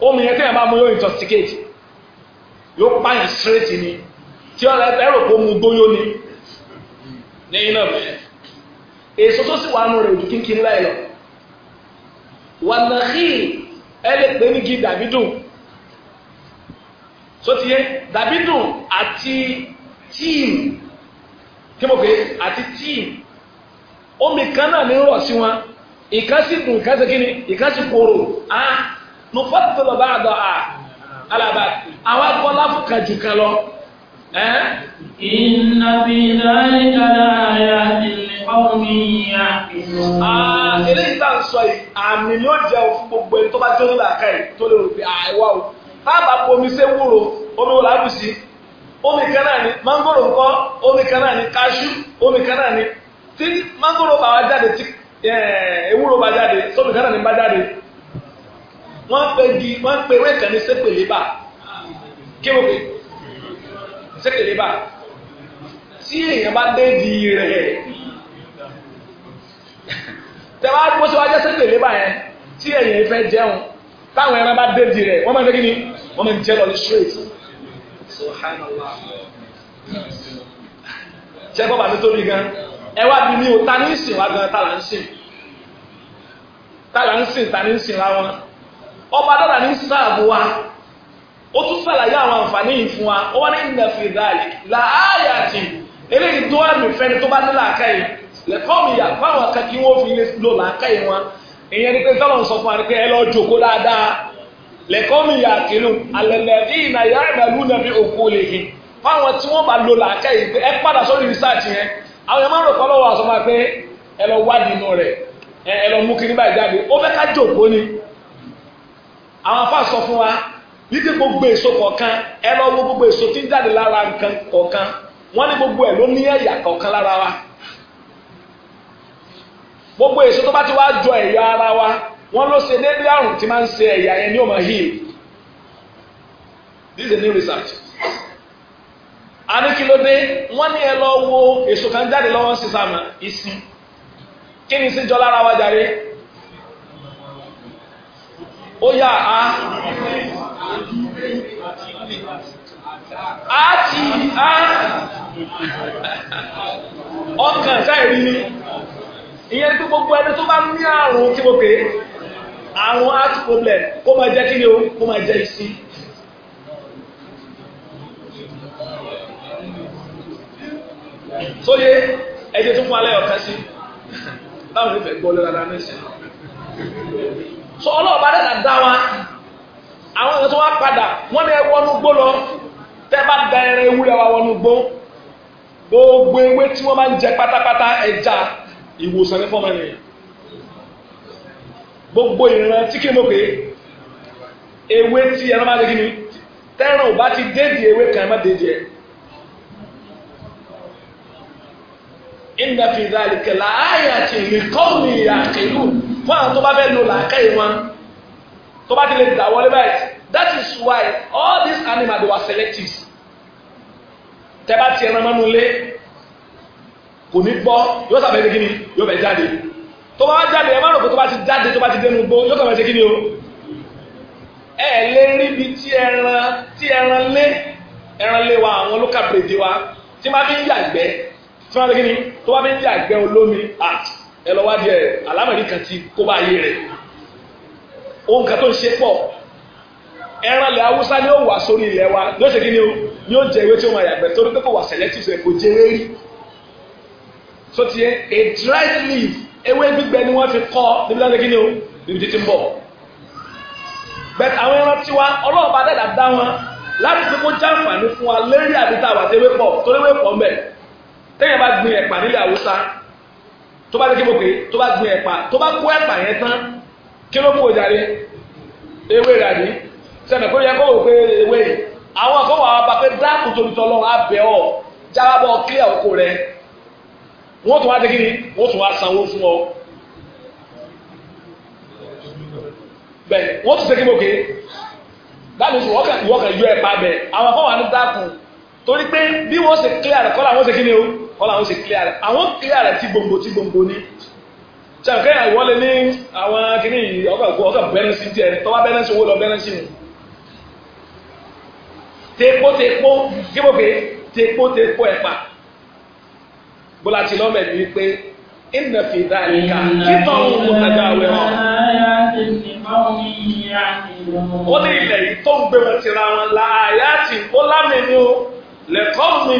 omi yẹn tẹ́yàn bá mu yóò intoxicate yóò pààyàn straight ni tí ẹrù kó mu gbóyó ni ní iná bẹ́ẹ̀ èso tó sì wà nù rẹ̀ ojú kínkín láì lọ wànàhí ẹ lè pè ní gi dàbídùn sotie dàbídùn àti tíìmù kí mo pè àti tíìmù omi kan náà ní rọ̀ sí wọn ìkan sì dùn ìkan sì kíni ìkan sì kóró a nu fọ́tìtìlọ̀ bá àdọ̀ a alaba àwọn akọ́lá fún kàjù kan lọ. Inna fi dhalika la ayatin li qawmin ya'qilun. Eléyìí tá à ń sọ yìí, àmì ni ó jẹ́ òfin gbogbo ẹni tó bá jó nílà ká yìí tó lè rò pé àìwá o. Táàbà po omi ṣé wúro, omi wò lábùsí. Omi kan náà ni mángòrò ńkọ́, omi kan náà ni káṣú, omi kan náà ni tí mángòrò bá wá jáde tí ewúro bá jáde sómi kánà ní bá jáde wọ́n pe di wọ́n pe ewé kan ní sépèlébà kéwòké sépèlébà tí èèyàn bá dé di rẹ̀ tẹ̀wá bó ṣe wá jẹ́ sépèlébà yẹn tí èèyàn fẹ́ jẹun táwọn ẹran bá dé di rẹ̀ wọ́n máa ń fẹ́ kí ni wọ́n máa ń jẹ́ lọ ní straight subhanallah ṣẹ́gbọ́n bàtí tóbi gan-an ẹ wá bí mi ò ta ní sìn wá gan ta là ń sìn ta là ń sìn ta ní sìn ra wọn ọba dọ́là ní sáàbù wa ó tún sàlàyé àwọn àǹfààní yìí fún wa ó wá ní ìdàfẹ̀dàlì làáyà tì eléyìí tó wà mí fẹ́ni tó bá ní làákàyè lẹ́kọ́ mi yà fáwọn akẹ́kẹ́ wọn fi lò làákàyè wọn ìyẹn ní pé sọ́lọ́ sọ fún wa pé ẹ lọ jòkó dáadáa lẹ́kọ́ mi yà kínú alẹ́lẹ́dí ìnáyà ìdàlú nàbí òkú lè yìí fáwọn tí wọ́n bá lò làákàyè pé ẹ padà sórí àwọn èèyàn máa ń rò kọ́ lọ́wọ́ àsọmọ́ pé ẹ lọ wádìí inú rẹ̀ ẹ lọ mú kiri báyìí jáde ó fẹ́ ká jòkó ni àwọn afá sọ fún wa nídìí gbogbo èso kọ̀ọ̀kan ẹ lọ wo gbogbo èso tí ń jáde lára nǹkan kọ̀ọ̀kan wọ́n ní gbogbo ẹ̀ ló ní ẹ̀yà kọ̀ọ̀kan lára wa gbogbo èso tó bá ti wá jọ ẹ̀yà ara wa wọ́n ló ṣe déédéé àrùn tí máa ń ṣe ẹ̀yà yẹn ní òmà hill this is a new research àníkílódé wọ́n ní ẹ lọ wo èso kan jáde lọ́wọ́ sí sàmà ìsìn kí ni síjọ lára wa jàre ó yà á á ti á ọkàn sáìrí ni ìyẹn pé gbogbo ẹni tó bá ní àrùn kí mo pè é àrùn heart problem kó máa jẹ́ kí ni o kó máa jẹ́ ìsìn. sóye ẹjẹ tó fún alẹ́ ọ̀kan sí báwo ló fẹ́ gbọ́ lọ́la náà ní sìn. sọ ọlọ́ọ̀bá dẹ́ta dá wa àwọn èèyàn tó wá padà wọ́n ní ẹ wọnú gbó lọ tẹ́ bá da ẹran ewúrẹ́ wa wọnú gbó gbogbo ewé tí wọ́n máa ń jẹ pátápátá ẹja ìwòsàn ní fọ́ọ̀mù ẹ̀yìn gbogbo ìran tí kí n mọ̀ pé ewé tí ẹran máa ń jẹ kí ni tẹ́ràn ò bá ti dédìí ewé kan ẹ má dédìí ẹ̀. inna fi dhalika la ayatin li qawmi yaqilun fún àwọn tó bá fẹ́ lò làákàyè wọn tó bá ti lè dà wọlé that is why all these animals they were selective tẹ́ bá ti ẹran mọ́nú lé kò ní gbọ́ yóò sàbẹ̀ ní kíni yóò bẹ̀ jáde tó bá jáde ẹ má rò pé tó bá ti jáde tó bá ti dénú gbó yóò kàn bẹ̀ ṣe kíni o ẹ lé ríbi tí ẹran tí ẹran lé ẹran lé wa àwọn local wa tí má fi ń yàgbẹ́ tí wọ́n ti kíni tó bá fi ń jẹ́ àgbẹ̀ olómi ẹ lọ wájú ẹ̀ alámọ̀rí kan ti kó bá ayé rẹ̀ ohun kan tó ń ṣe pọ̀ ẹran ilẹ̀ haúsá ni ó wà sórí ilẹ̀ wa ni ó ṣe kíni o ni ó jẹ ewé tí ó máa yàgbẹ́ torí pé kò wà selective ẹ̀ kò jẹ́ rí so ti yẹ a dried leaf ewé gbígbẹ ni wọ́n fi kọ́ níbi láti kíni o níbi títí ń bọ̀ bẹ́ẹ̀ àwọn ẹran tiwa ọlọ́ọ̀bá dẹ́dà dá wọn láti fi kó jàǹfààní fún wa lérí àdìtà àwàtẹ́wé pọ̀ torí wé pọ̀ mẹ́ẹ̀ téèyàn bá gbin ẹ̀pà nílẹ̀ Haúsá tó bá dé kí mo pè é tó bá gbin ẹ̀pà tó bá kó ẹ̀pà yẹn tán kí ló kú òjàre ewé rà ní sẹ́mi kó yẹ kó wò pé ewé àwọn kan wà wá pé dáàkù tóbi tọ́ lọ́wọ́ abẹ́ ọ̀ jábọ̀ kílẹ̀ oko rẹ̀ wọ́n tún wá dé kí ni wọ́n tún wá sanwó fún ọ. bẹ́ẹ̀ wọ́n tún ṣe kí mo pè é dáàbò sọ wọ́n kàn yọ ẹ̀pà bẹ́ẹ̀ àwọn kan wà ní dáàkù torí pé bí wọ́n ṣe kílẹ̀ àrẹ̀kọ́lá wọ́n ṣe kí ni o wọ́n làwọn ṣe clear rẹ̀ àwọn clear rẹ̀ tí gbòǹgbò tí gbòǹgbò ní ṣàǹkẹ́ àwọn lè ní àwọn kìíní yìí ọkọ̀ ìgbò ọkọ̀ bẹ́rẹ̀ sí tiẹ̀ tọ́wọ́ bẹ́rẹ̀ sí owó lọ bẹ́rẹ̀ sí mi. tepo tepo kíbòkè tepo tepo ẹ̀pà bọ́lá ti lọ́mọ̀ ẹ̀mí pé ìnà fi dá ìka títọ́ òun kò àwẹ̀ wọn. ó ní ilẹ̀ yìí tó ń gbé wọn tira wọn láàyè àti ó lámì ó lẹ́kọ́ mi.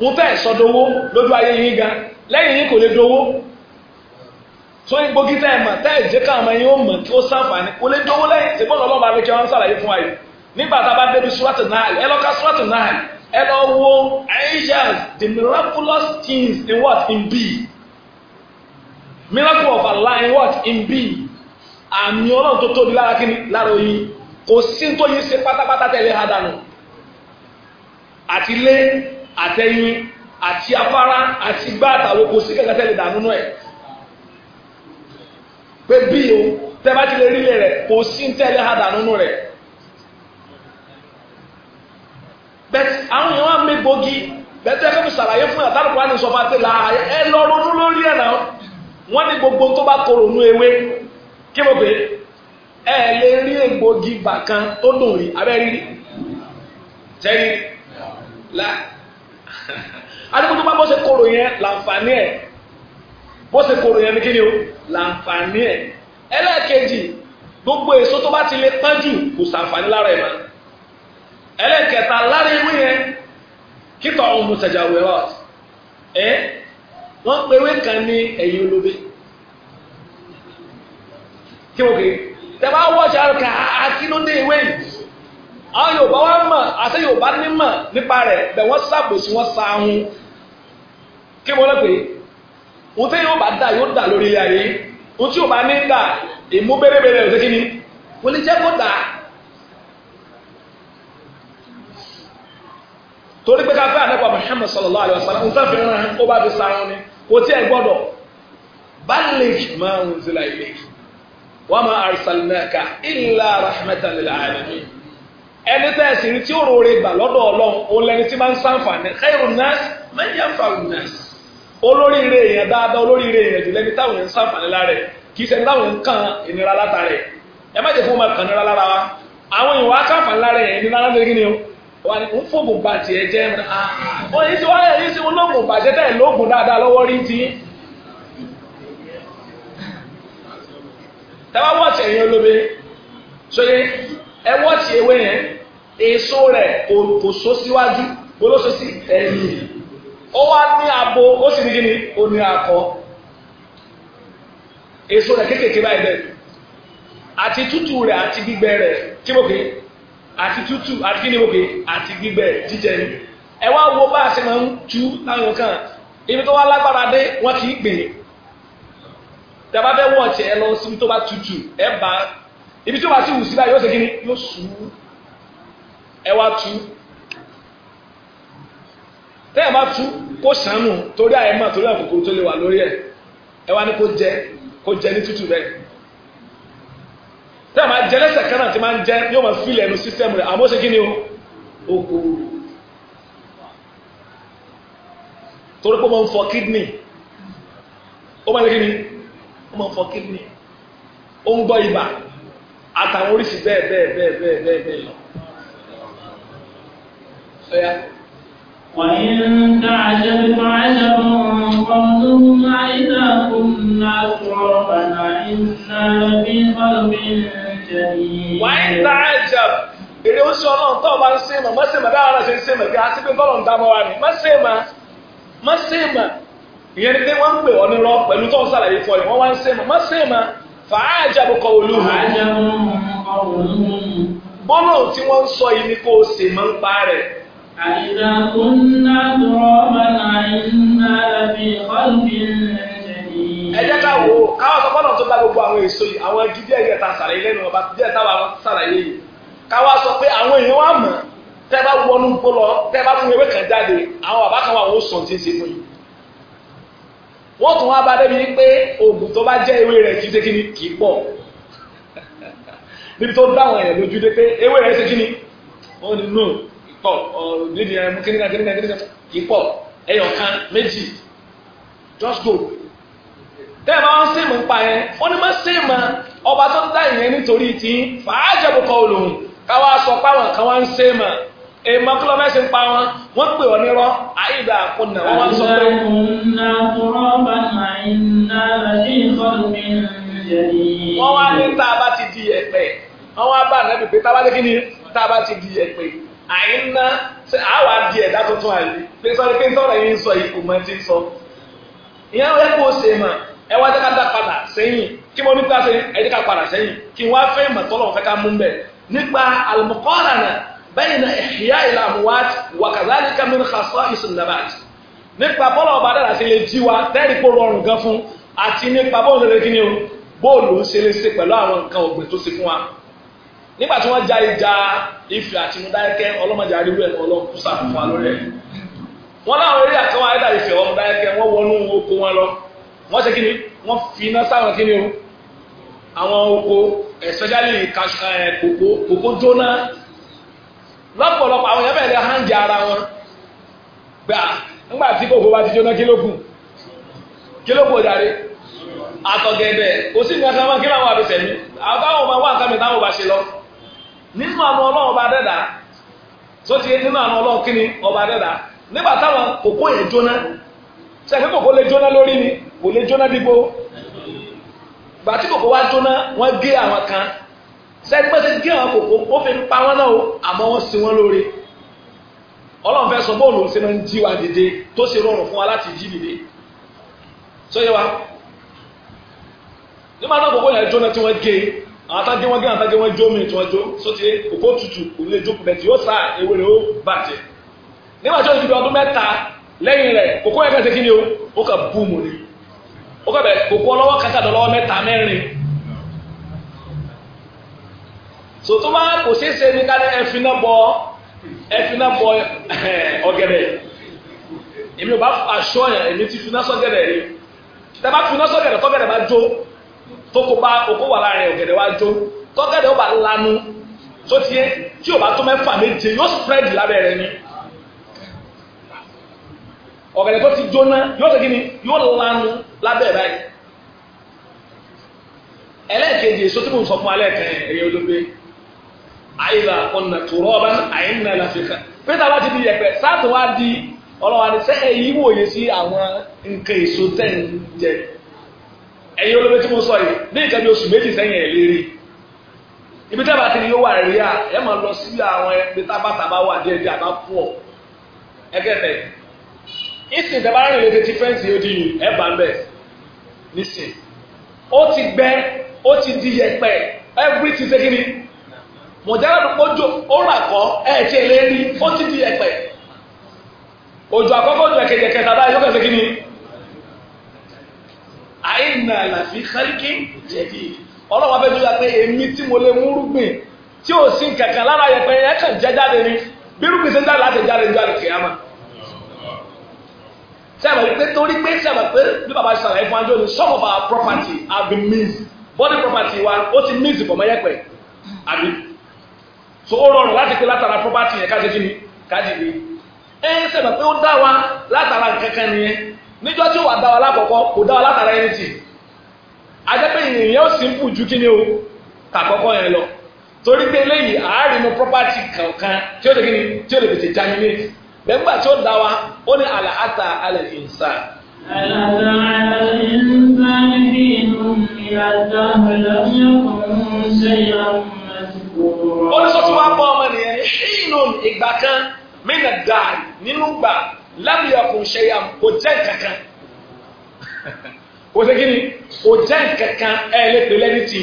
mo fẹ́ sọdowó lójú ayé yín ga lẹ́yìn yín kò lè dowó tó ní gbógi tẹ́ ẹ mọ̀ tẹ́ ẹ jẹ́ ká ọmọ yín ó mọ̀ fún ayé nígbà tá a bá débi surati Nahl ẹ the miraculous things in what in of in what in be àmì ọlọ́run tó tóbi lára kí ni lára oyin kò sí ṣe àtẹ̀yìn àti afárá àti gbá àtàwọn kò sí kankan tẹ́lẹ̀ dànù ẹ̀ pé bí o tẹ́ bá ti lè rí rẹ̀ kò tẹ́lẹ̀ ha dànù rẹ̀ bẹ́ẹ̀ àwọn fẹ́ fún yàtá lùkọ́ àni sọ́fà tẹ́lẹ̀ ẹ lọ ronú lórí gbogbo tó bá nú ewé kí ẹ lè rí bàkan tó dùn rí adigun tó bá bó ṣe kóró yẹn làǹfààní ẹ̀ bó ṣe kóró yẹn ní kí ni o làǹfààní ẹ̀ ẹlẹ́ẹ̀kejì gbogbo èso tó bá ti lè pọ́n jù kò sàǹfààní lára ẹ̀ máa ẹlẹ́ẹ̀kẹta lára ewé yẹn kíkọ́ ohun mùsàjà wẹ̀rọ̀ ẹ̀ wọ́n pe ewé kan ní ẹ̀yìn olóbe kí wọ́n kì í tẹ́ bá wọ́ọ̀ṣì àrùkà àkínúndé ewé yìí àwọn Yorùbá wa mọ̀ àti Yorùbá nímọ̀ nípa rẹ̀ bẹ̀ wọ́n sàbòsí wọ́n sa ahun kí wọ́n lọ pé ohun tí yóò bá dà yóò dà lórí ilé ayé ohun tí yóò bá ní dà ìmú bèrèbèrè ọ̀sẹ̀ kí ni wọ́n lè jẹ́ kó dà torí pé ká fẹ́ àdẹ́kọ̀ Muhammad sallallahu alaihi wasallam ohun tí wọ́n fi rán kó bá fi máa ń zila ilé wa ma arsalnaka illa rahmatan ẹni tẹ́ ẹ sì rí tí ó rore gbà lọ́dọ̀ ọlọ́run òun lẹni tí máa ń sàǹfààní khairun nas man yanfa'un nas olóríire èèyàn dáadáa olóríire èèyàn jù lẹni táwọn èèyàn ń sàǹfààní lára ẹ̀ kì í ṣẹni táwọn ń kan ìnira látara ẹ̀ ẹ má jẹ́ fún ọmọ kan nira lára wa àwọn èèyàn wá sàǹfààní lára ẹ̀ ìnira lára ẹ̀ kí ni o wà ní ń fògùn bá tiẹ̀ jẹ́ ẹ̀ ah, wọ́n yìí ti wáyé yìí ti ń lóògùn bàjẹ́ tẹ̀ lóògùn dáadáa lọ́wọ́ rí ti. tẹ́wọ́ wọ́ọ̀tì ẹ̀yìn olóbe ṣóyé ẹ wọ́ọ̀tì ewé yẹn èso rẹ̀ kò so síwájú kò ló so sí ẹ̀yìn ó wá ní abo ó sì ní kí ni ó ní akọ èso rẹ̀ kéékèèké báyìí bẹ́ẹ̀ àti tútù rẹ̀ àti gbígbẹ rẹ̀ kí mo pè é àti tútù àti kí ni mo pè é àti gbígbẹ jíjẹ ni ẹ wá wo bá a ṣe máa ń tú láwọn kan ibi tó wá lágbára dé wọn kì í gbìn tẹ bá fẹ́ wọ̀ọ̀tì ẹ lọ síbi tó bá tútù ẹ bá ibi tí ó bá sí wù sí báyìí yóò ṣe kíni yóò sù ú ẹ wá tú tẹ́yà bá tú kó sànù torí àyè máa torí àkókò tó lè wà lórí ẹ̀ ẹ wá ní kó jẹ kó jẹ ní tútù bẹ́ẹ̀ tẹ́yà máa jẹ lẹ́sẹ̀ kan náà tí máa ń jẹ yóò máa fílẹ̀ ẹnu sísẹ́mù rẹ̀ àmọ́ ṣe kíni o oko torí pé ó máa ń fọ kídìnì ó máa ń fọ kídìnì ó ń gbọ́ ibà àtàwọn oríṣi bẹ́ẹ̀ bẹ́ẹ̀ bẹ́ẹ̀ bẹ́ẹ̀ bẹ́ẹ̀ bẹ́ẹ̀ lọ. وإن تعجب فعجب قولهم إذا كنا ترابا إنا لفي خلق جديد وإن تعجب èrè oṣù ọlọ́run tó o bá ń ṣe mọ̀ mọ́sẹ̀ mọ̀ dáhàrá ṣe ń ṣe mọ̀ kí a sì pé bọ́ọ̀lù ń dábọ̀ wa ni mọ́sẹ̀ mọ̀ mọ́sẹ̀ mọ̀ ìyẹn ni pé wọ́n ń pè ọ́ nírọ́ pẹ̀lú tó ń ṣàlàyé fún ọ yìí wọ́n wá ń ṣe mọ̀ mọ́sẹ̀ mọ̀ fàájàbù kọ olú bọ́lọ̀ tí wọ́n ń sọ yìí ni kò sì máa ń pa rẹ̀. àìdá kúnná tọrọ bàtà iná lábí ọ̀gbìn ẹ jẹ́ ká wo káwọn sọ fọ́nà tó bá gbogbo àwọn èso yìí àwọn igi díẹ̀ díẹ̀ ta sàlàyé lẹ́nu ọba díẹ̀ táwa sàlàyé yìí káwa sọ pé àwọn èèyàn wà mọ̀ tẹ́ bá wọnú gbó lọ tẹ́ bá mú ewé kan jáde àwọn bàbá kan wà wọ́n sọ̀ wọ́n tún wá bá débi wípé oògùn tó bá jẹ́ ewé rẹ̀ kì í ṣe kíni kì í pọ̀ níbi tó dáwọn èèyàn lójú dé pé ewé rẹ̀ ṣe kíni ó ní nù pọ̀ nídìí ẹ̀ mú kíníkà kíníkà kíníkà kì í pọ̀ ẹyọ kan méjì just go tẹ́ ẹ bá wọ́n sèmù pa yẹn ó ní má sèmù ọba tó dá ìyẹn nítorí tí fàájẹ̀ bùkọ́ olóhùn káwá sọ páwọn kan wá ń sèmù èèmọ̀ kí ló fẹ́ ṣe ń pa wọn wọ́n pè wọ́n nírọ́ àìdá àkúnnà wọ́n wá sọ pé. wọ́n wá ní tá a bá ti di ẹ̀pẹ̀ wọ́n wá bá ànábì pé tá a bá ti kí ni tá a bá ti di ẹ̀pẹ̀ àìná ṣe àwa di ẹ̀dá tuntun àìlè pé sọ́ni pé sọ́ni yìí ń sọ yìí kò mọ ti ń sọ. ìyá wọn kò ṣe mà ẹ wá jákàtà padà sẹ́yìn kí mo ní ká ṣe ẹ̀díkà padà sẹ́yìn بين إحياء الأموات amwat wa kadhalika min khasa'is an-nabat nípa bọ́lọ̀ ọba dára sí lè jí wa tẹ́rì kó rọrùn gan fún àti nípa bọ́ọ̀lù rẹ̀ kí ni o bóòlù ń ṣe lè ṣe pẹ̀lú àwọn nǹkan ọ̀gbìn tó ṣe fún wa nígbà tí wọ́n já ìjà Ifẹ̀ àti Mọdákẹ́kẹ́ ọlọ́mọdé àríwú ẹ̀ ọlọ́kú sàkóso wa lórí ẹ̀ wọ́n láwọn eré àkọwá ẹ̀dà Ifẹ̀ ọmọdé Mọdákẹ́kẹ́ wọ́n wọnú oko wọn lọ wọ́n ṣe kí wọ́n fi iná sáwọn kí o àwọn oko especially kòkó jóná lọ́pọ̀lọpọ̀ àwọn èèyàn bẹ̀rẹ̀ lè hàn jẹ ara wọn gbà ńgbà tí kò fọba ti jóná kílókù kílókù òjàre àtọ̀gẹ̀dẹ̀ kí àbẹ̀sẹ̀ wa lọ nínú ọlọ́run ọba dẹ́dà ti nínú àwọn ọlọ́run kí ọba dẹ́dà nígbà táwọn kòkó yẹn jóná sẹ́kẹ́ lè jóná lórí ni kò lè jóná gbà tí wá kan sẹ́ni bá ti gé àwọn kòkó ó fi ń pa wọ́n náà àmọ́ wọ́n sin wọ́n lóore ọlọ́run fẹ́ sọ bóòlù ṣe máa ń jí wa dìde tó ṣe rọrùn fún wa láti jí dìde tó yẹ wa nígbà náà kòkó yẹn jóná tí wọ́n gé àwọn atágé wọn gé àwọn atágé wọn jó mi tí wọ́n jó sóti kòkó tutù kò lè jókòó bẹ́ẹ̀ tí yóò sá ewé rẹ̀ ó bàjẹ́ nígbà tí ó ti di ọdún mẹ́ta lẹ́yìn rẹ̀ kòkó yẹn kẹ́sẹ̀ kí ni o ó kà búùmù ni ó kà bẹ̀ kòkó ọlọ́wọ́ kàkàdọ̀ ọlọ́wọ́ mẹ́ta mẹ́rin so tó máa kò ṣeé ṣe ní ká ní ẹfin náà bọ ẹfin náà bọ eh, ọ̀gẹ̀dẹ̀ èmi ò bá aṣọ yẹn èmi ti finá sọ́gẹ̀dẹ̀ rí tẹ bá finá sọ́gẹ̀dẹ̀ tọ́gẹ̀dẹ̀ bá jó tó kó bá okó wà láàrin ọ̀gẹ̀dẹ̀ wá jó tọ́gẹ̀dẹ̀ ó bá lanu tó tiẹ̀ tí ò bá tó mẹ́fà méje yóò spread lábẹ́ rẹ ni ọ̀gẹ̀dẹ̀ tó ti jóná yóò ṣe kíni yóò lanu lábẹ́ rẹ ẹlẹ́ẹ̀kejì èso tí mo sọ fún alẹ́ kan ẹ̀yẹ olóbe àyíká ọ̀nà tòrọ ọba àyínà láfíríkà peter wá ti di y'ekpe sáàtì wá di ọlọ́wà ní sẹ́ ẹ̀yìn wòye sí àwọn nǹkan èso tẹ̀ ń jẹ ẹ̀yin olóbi tí mo sọ yìí ní bí oṣù ibi tẹ́ bá ti ní yóò wà rí à ẹ̀ máa lọ sí àwọn ẹgbẹ́ tábàtà bá wà díẹ̀ díẹ̀ àbá pọ̀ ìsìn lè di ẹ̀ bá ń bẹ̀ nísìn ó mọ̀jára ló kójú ó rà kọ́ ẹ̀ ṣe lé rí ó ti di ẹ̀pẹ̀ òjò àkọ́kọ́ òjò ẹ̀kẹ̀jẹ̀ kẹta báyìí yóò kẹsẹ̀ kí ni. àìnà àlàfi kárìkì jẹ̀bi ọlọ́wọ́ abẹ́jú ya pé èmi tí mo lè mú rúgbìn tí ò sí kankan lára yẹpẹ ẹ̀ kàn jẹ́ jáde ni bí rúgbìn ṣe ń jáde láti jáde ju àlùkè yá ma. sábà pé torí pé sábà pé bí bàbá sọ̀rọ̀ ẹ̀fọn ajọ́ ni some of our property have been missed body property wa ó ti missed bọ̀mọ́ yẹpẹ̀ àbí. so ó rọrùn láti pé látara property yẹn káṣe kíni kájìlé ẹ sẹ̀mọ̀ pé ó dá wa látara kankan nìyẹn níjọ́ tí ó wà dá wa lákọ̀ọ́kọ́ kò dá wa látara ẹni tì ajẹ́ pé ìyẹn ó sì ń pù ju kíni o tàkọ́kọ́ yẹn lọ torí pé property kankan tí ó lè kíni tí ó lè germinate bẹ́ẹ̀gbà tí ó dá wa ó ní àlà àtà alẹ́ hínún ìgbà kan mẹ́nà dàí nínú gbà lábìyà kò ṣe yà kò jẹ́ kankan kò sí kí ni kò jẹ́ kankan ẹ̀ lè pè lẹ́ni tì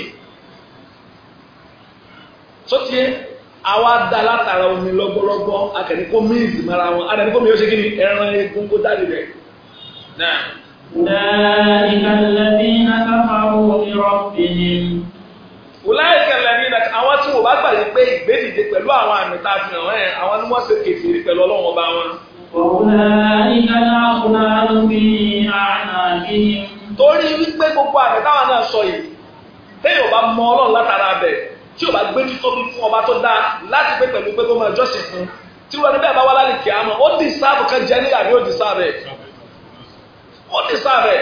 sọ́tí àwa dá látara omi lọ́gbọ́lọ́gbọ́ akẹ́nìkó míìsì mara wọn adàníkó mi ó ṣe kí ni ẹran egun kó jáde rẹ̀ náà. أولئك الذين كفروا بربهم wòláyìíkẹ́ lẹ́ni náà àwọn tí wò bá gbà yí pé ìgbédìde pẹ̀lú àwọn àmì tá a fi hàn ẹ́ àwọn ni wọ́n ṣe kèfèrí pẹ̀lú ọlọ́run ọba wọn. ọ̀húnláyìíká náà kúnlá ló fi àná kí ni. torí wípé gbogbo àmì táwọn náà sọ yìí téèyàn bá mọ ọlọ́run látara bẹ̀ tí ò bá gbé títóbi fún ọba tó dáa láti pé pẹ̀lú pé kó máa jọ́sìn fún tí wọn níbẹ̀ bá wá lálẹ́ kí á ó dì sáàbù kan jẹ́ níyàrá ó dì sáàbù ẹ̀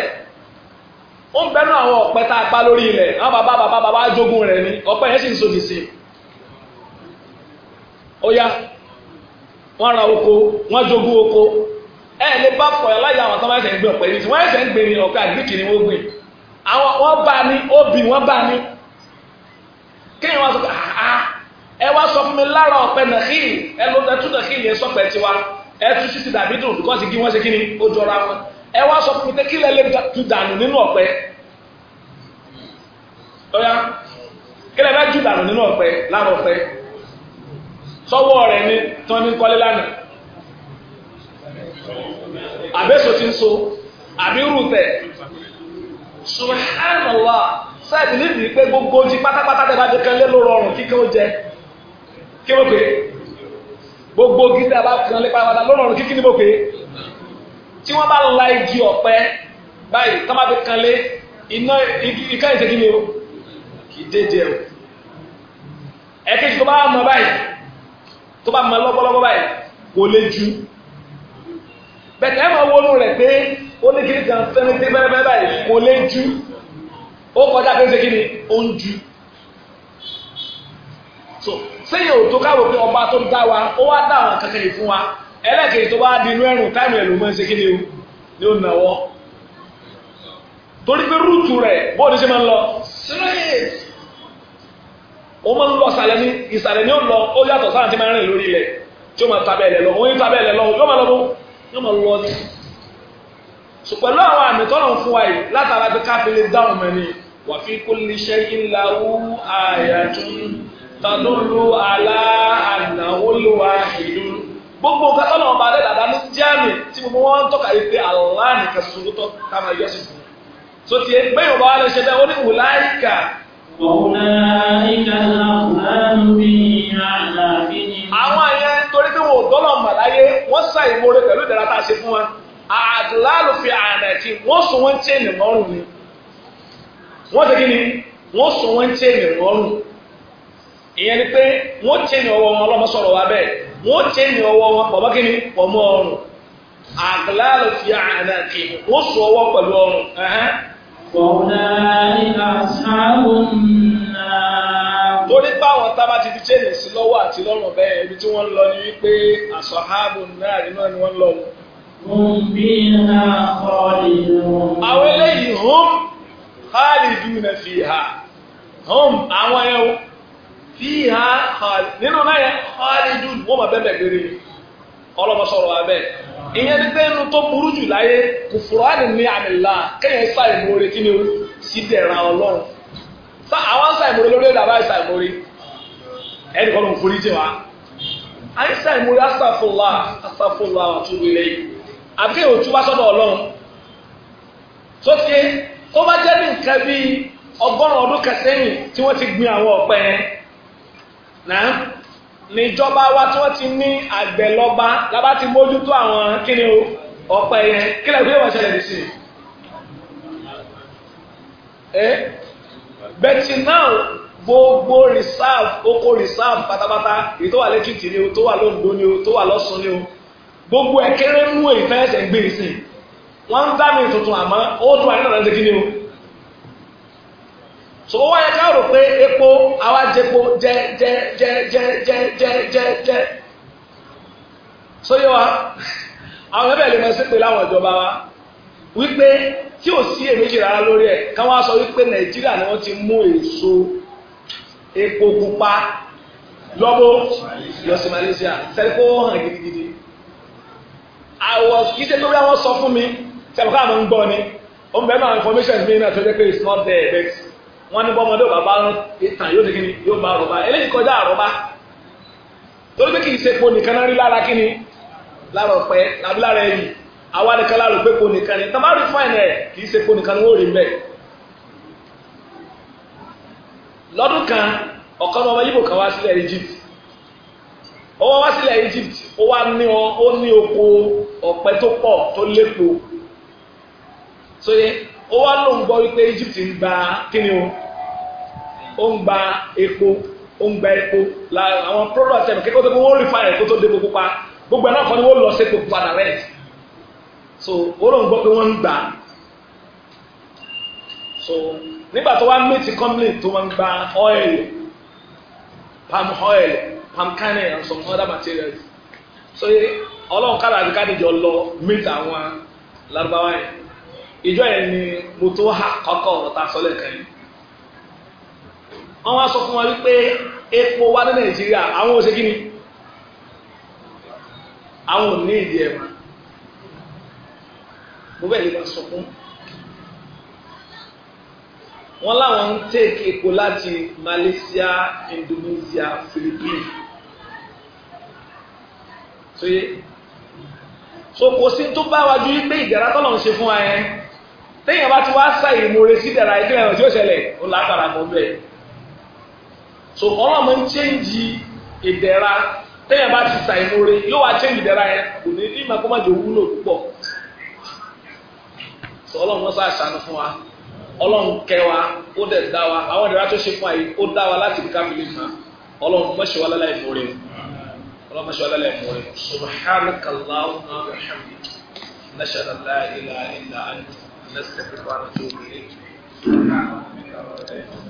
ó ń bẹnu àwọn ọ̀pẹ tá a lórí ilẹ̀ àwọn bàbá bàbá bàbá jogun rẹ̀ ni ọ̀pẹ yẹn sì ń sòdì sí i oko wọ́n oko ẹ wá sọ fún mi lára ọ̀pẹ nàkìlì ẹ lọ tún nàkìlì yẹn ni ẹ wá sọ fún mi pé kí lẹ lè tu dànù nínú ọ̀pẹ ọ̀ya kí lẹ fẹ́ ju dànù nínú ọ̀pẹ lára ọ̀pẹ sọ́wọ́ rẹ̀ ni tí wọ́n ní kọ́lé lánàá àbẹ́sọ̀ ti ń so àbí rú tẹ̀ subhanallah sáàtì níbi pé gbogbo ti pátápátá tẹ́ bá jẹ kan lé ló rọrùn kíkẹ́ ó jẹ kí wọ́n pè gbogbo gíga bá kan lé pátápátá ló rọrùn kíkí ni mo pè é tí wọ́n bá la igi ọ̀pẹ báyìí tó má fi kanlé iná ika ìṣègì ni o kì í dédé o ẹ̀kejì tó bá mọ báyìí tó bá mọ lọ́gbọ́lọ́gbọ́ báyìí kò lè ju bẹ̀tẹ̀ ẹ̀ máa wọnú rẹ̀ pé ó ní kíni kan fẹ́mi tí fẹ́rẹ́fẹ́rẹ́ báyìí kò lè ju ó kọjá pé ṣègì ni ó ń ju so sẹ́yìn ò tó káwọ́ pé ọba tó dá wa ó wá dá àwọn kankan yìí fún wa ẹlẹ́kejì tó bá di inú ẹ̀rùn táìmù ẹ̀ mọ́ ṣe kí ni o ní ó nàwọ́ torí pé rúùtù rẹ̀ bóòdì ṣe máa ń lọ straight ó máa ń lọ ìsàlẹ̀ ní ìsàlẹ̀ ní ó lọ ó yàtọ̀ sáà tí máa ń rìn lórí ilẹ̀ tí ó máa tabẹ̀ ẹ̀lẹ̀ lọ òun tabẹ̀ ẹ̀lẹ̀ lọ yóò máa lọ bó yóò máa lọ ní. sọ pẹ̀lú àwọn àmì tọ́lọ̀ ń fún wa yìí látara pé káfílẹ̀ dáhùn mẹ́ni wa fi kulli shay'in lahu ayatun tadullu ala annahu al gbogbo nǹkan tó lọ́wọ́ máa dẹ́dàdá ní jáàmì tí gbogbo wọn ń tọ́ka yìí pé Allah nìkan ṣoṣo tó ká máa yọ sí fún un so ti ẹ bẹ́ẹ̀ bá wà lè ṣe bẹ́ẹ̀ ó ní wùláìkà. wùláìkà láwùláàlú bí àlà bí ni. àwọn àyẹn torí pé wọn ò dọ́lọ̀ mọ̀ láyé wọ́n sá ìmoore pẹ̀lú ìdára tá a ṣe fún wa àdìláàlú fi ànàkì wọ́n sùn wọ́n ń tẹ́ ènìyàn ọ̀rùn ni wọ́n ti kí ni wọ́n sùn wọ́n ń tẹ́ ènìyàn ọ̀rùn ìyẹn ni pé wọ́n tẹ́ ní ọwọ́ wọn ọlọ́mọ sọ̀rọ̀ wa bẹ́ẹ̀ wọ́n tẹ́ ní ọwọ́ wọn pọ̀mọ́ kí ni pọ̀mọ́ ọrùn àgbàlá fi àná kì wọ́n sọ ọwọ́ pẹ̀lú ọrùn. torí báwọn tá a bá ti di chain sí lọ́wọ́ àti lọ́rùn bẹ́ẹ̀ ibi tí wọ́n ń lọ ni wípé àsọ̀hábù náà nínú ni wọ́n ń lọ. àwọn eléyìí hum khaliduna fiha hum àwọn ẹ̀wọ̀n fíhà xaali nínú náà yẹ xaali dùn wọ́n ma bẹ́ẹ̀ bẹ́ẹ̀ gbére ọlọ́mọ sọ̀rọ̀ wa bẹ́ẹ̀ ìyẹn ní pé inú tó burú jù láyé kò fura ní ní àmìlá kéèyàn sá ìmúre kí ni sí dẹ̀ra ọlọ́run sá àwọn sá ìmúre lórí ẹ̀dá báyìí sá ìmúre ẹnì kan ló ń forí jẹ wa àyè sá ìmúre asàfùlà asàfùlà àtúwò ilé yìí àbí òtún bá sọ́dọ̀ ọlọ́run tó ti tó bá jẹ́ ní nǹkan bíi ọgọ́rùn-ún ọdún kẹsẹ́yìn tí wọ́n ti gbin àwọn ọ̀pẹ yẹn náà níjọba wa tí wọ́n ti ní àgbẹ̀ lọ́ba lábá ti mójútó àwọn kíni o ọ̀pẹ yẹn kílẹ̀ gbé wọ́n ṣẹlẹ̀ sí i. bẹ́tì náà gbogbo reserve oko reserve pátápátá èyí tó wà lẹ́kìtì ni o tó wà lóńdó ni o tó wà lọ́sùn ni o gbogbo ẹ̀kẹ́rẹ́ mú èyí fẹ́ ẹsẹ̀ gbé e sí i wọ́n ń dá mi tuntun àmọ́ ó tún àyínlá náà ṣe kí ni o so ó wáyé ká rò pé epo àwa jẹpo jẹ jẹ jẹ jẹ jẹ jẹ jẹ jẹ so yẹ wa àwọn ẹbẹ lè máa ṣe pé láwọn ìjọba wa wípé tí ò sí èméjì rárá lórí ẹ káwọn sọ wípé nàìjíríà ni wọn ti mú èso epo pupa lọ́bọ̀ lọ sí Malaysia sẹ́kọ̀ hàn gidigidi àwọn kì í ṣe lórí àwọn sọ fún mi sẹ́kọ̀ àwọn ń gbọ́ ni ó ń bẹ́ẹ̀ náà information mi náà tó jẹ́ pé it's not there but. wọn ní bọ́mọdé ò bàbá tàn yóò ti kí ni yóò bá àrùbá eléyìí kọjá àrùbá torí pé kì í ṣe ise nìkan náà rí lára kí ni lára ọ̀pẹ àbí lára ẹ̀yìn àwa nìkan lára òpé nìkan ni tàbá rí fáìn rẹ̀ kì í ṣe nìkan ni wọ́n rí kan ọ̀kan ọmọ yíbò kan wá sílẹ̀ Egypt ó wá wá sílẹ̀ Egypt ó ó wá lóun gbọ́ wípé Egypt ń gba kíni o ó ń gba epo ó ń gba epo la àwọn product ẹ̀ kíkọ́ tó kó wọ́n refine kó tó dé gbogbo pa gbogbo ẹ̀ náà kọ́ ni wọ́n lọ sí epo padà rẹ̀ so ó lóun gbọ́ pé wọ́n ń gbà so nígbà tó wá méjì company tó wọ́n ń gba oil palm oil palm kernel and some other materials so ọlọ́run kára àbíká nìjọ lọ meet àwọn Lárúbáwá yẹn ìjọ yẹn ni mo tó hà kọ́kọ́ ọ̀rọ̀ ta sọ́lẹ̀ kan yìí wọ́n wá sọ fún wa wípé epo wá ní nàìjíríà àwọn ò ṣe kí ni àwọn ò ní ìdí ẹ̀wà mo bẹ́ẹ̀ lè bá sọ fún wọn láwọn ń tèkì epo láti Malaysia Indonesia Philippines so kò sí tó bá wájú wípé ìdára tọ́lọ̀ ń ṣe fún wa yẹn téèyàn bá ti wá sá ìmoore sí dára ẹgbẹ́ ẹ̀rọ tí ó ṣẹlẹ̀ ó látara kan bẹ́ẹ̀ so ọlọ́run máa ń chẹ́ǹjì ìdẹ̀ra téèyàn bá ti sá ìmoore yóò wá chẹ́ǹjì ìdẹ̀ra yẹn kò ní ní ìmọ̀kọ́ máa jò wúlò púpọ̀ so ọlọ́run wọn sáà ṣàánú fún wa ọlọ́run kẹ́ wa ó dẹ̀ dá wa àwọn ìdẹ̀ra tó ṣe fún wa yìí ó dá wa láti ká mi lè mọ ọlọ́run mọ̀ ṣe wa lálẹ́ ìmoore ọlọ́run mọ̀ ṣe wa lálẹ́ ìmoore subhanakallahumma wa bihamdika nashhadu an la ilaha illa anta نستغفرك ونتوب اليك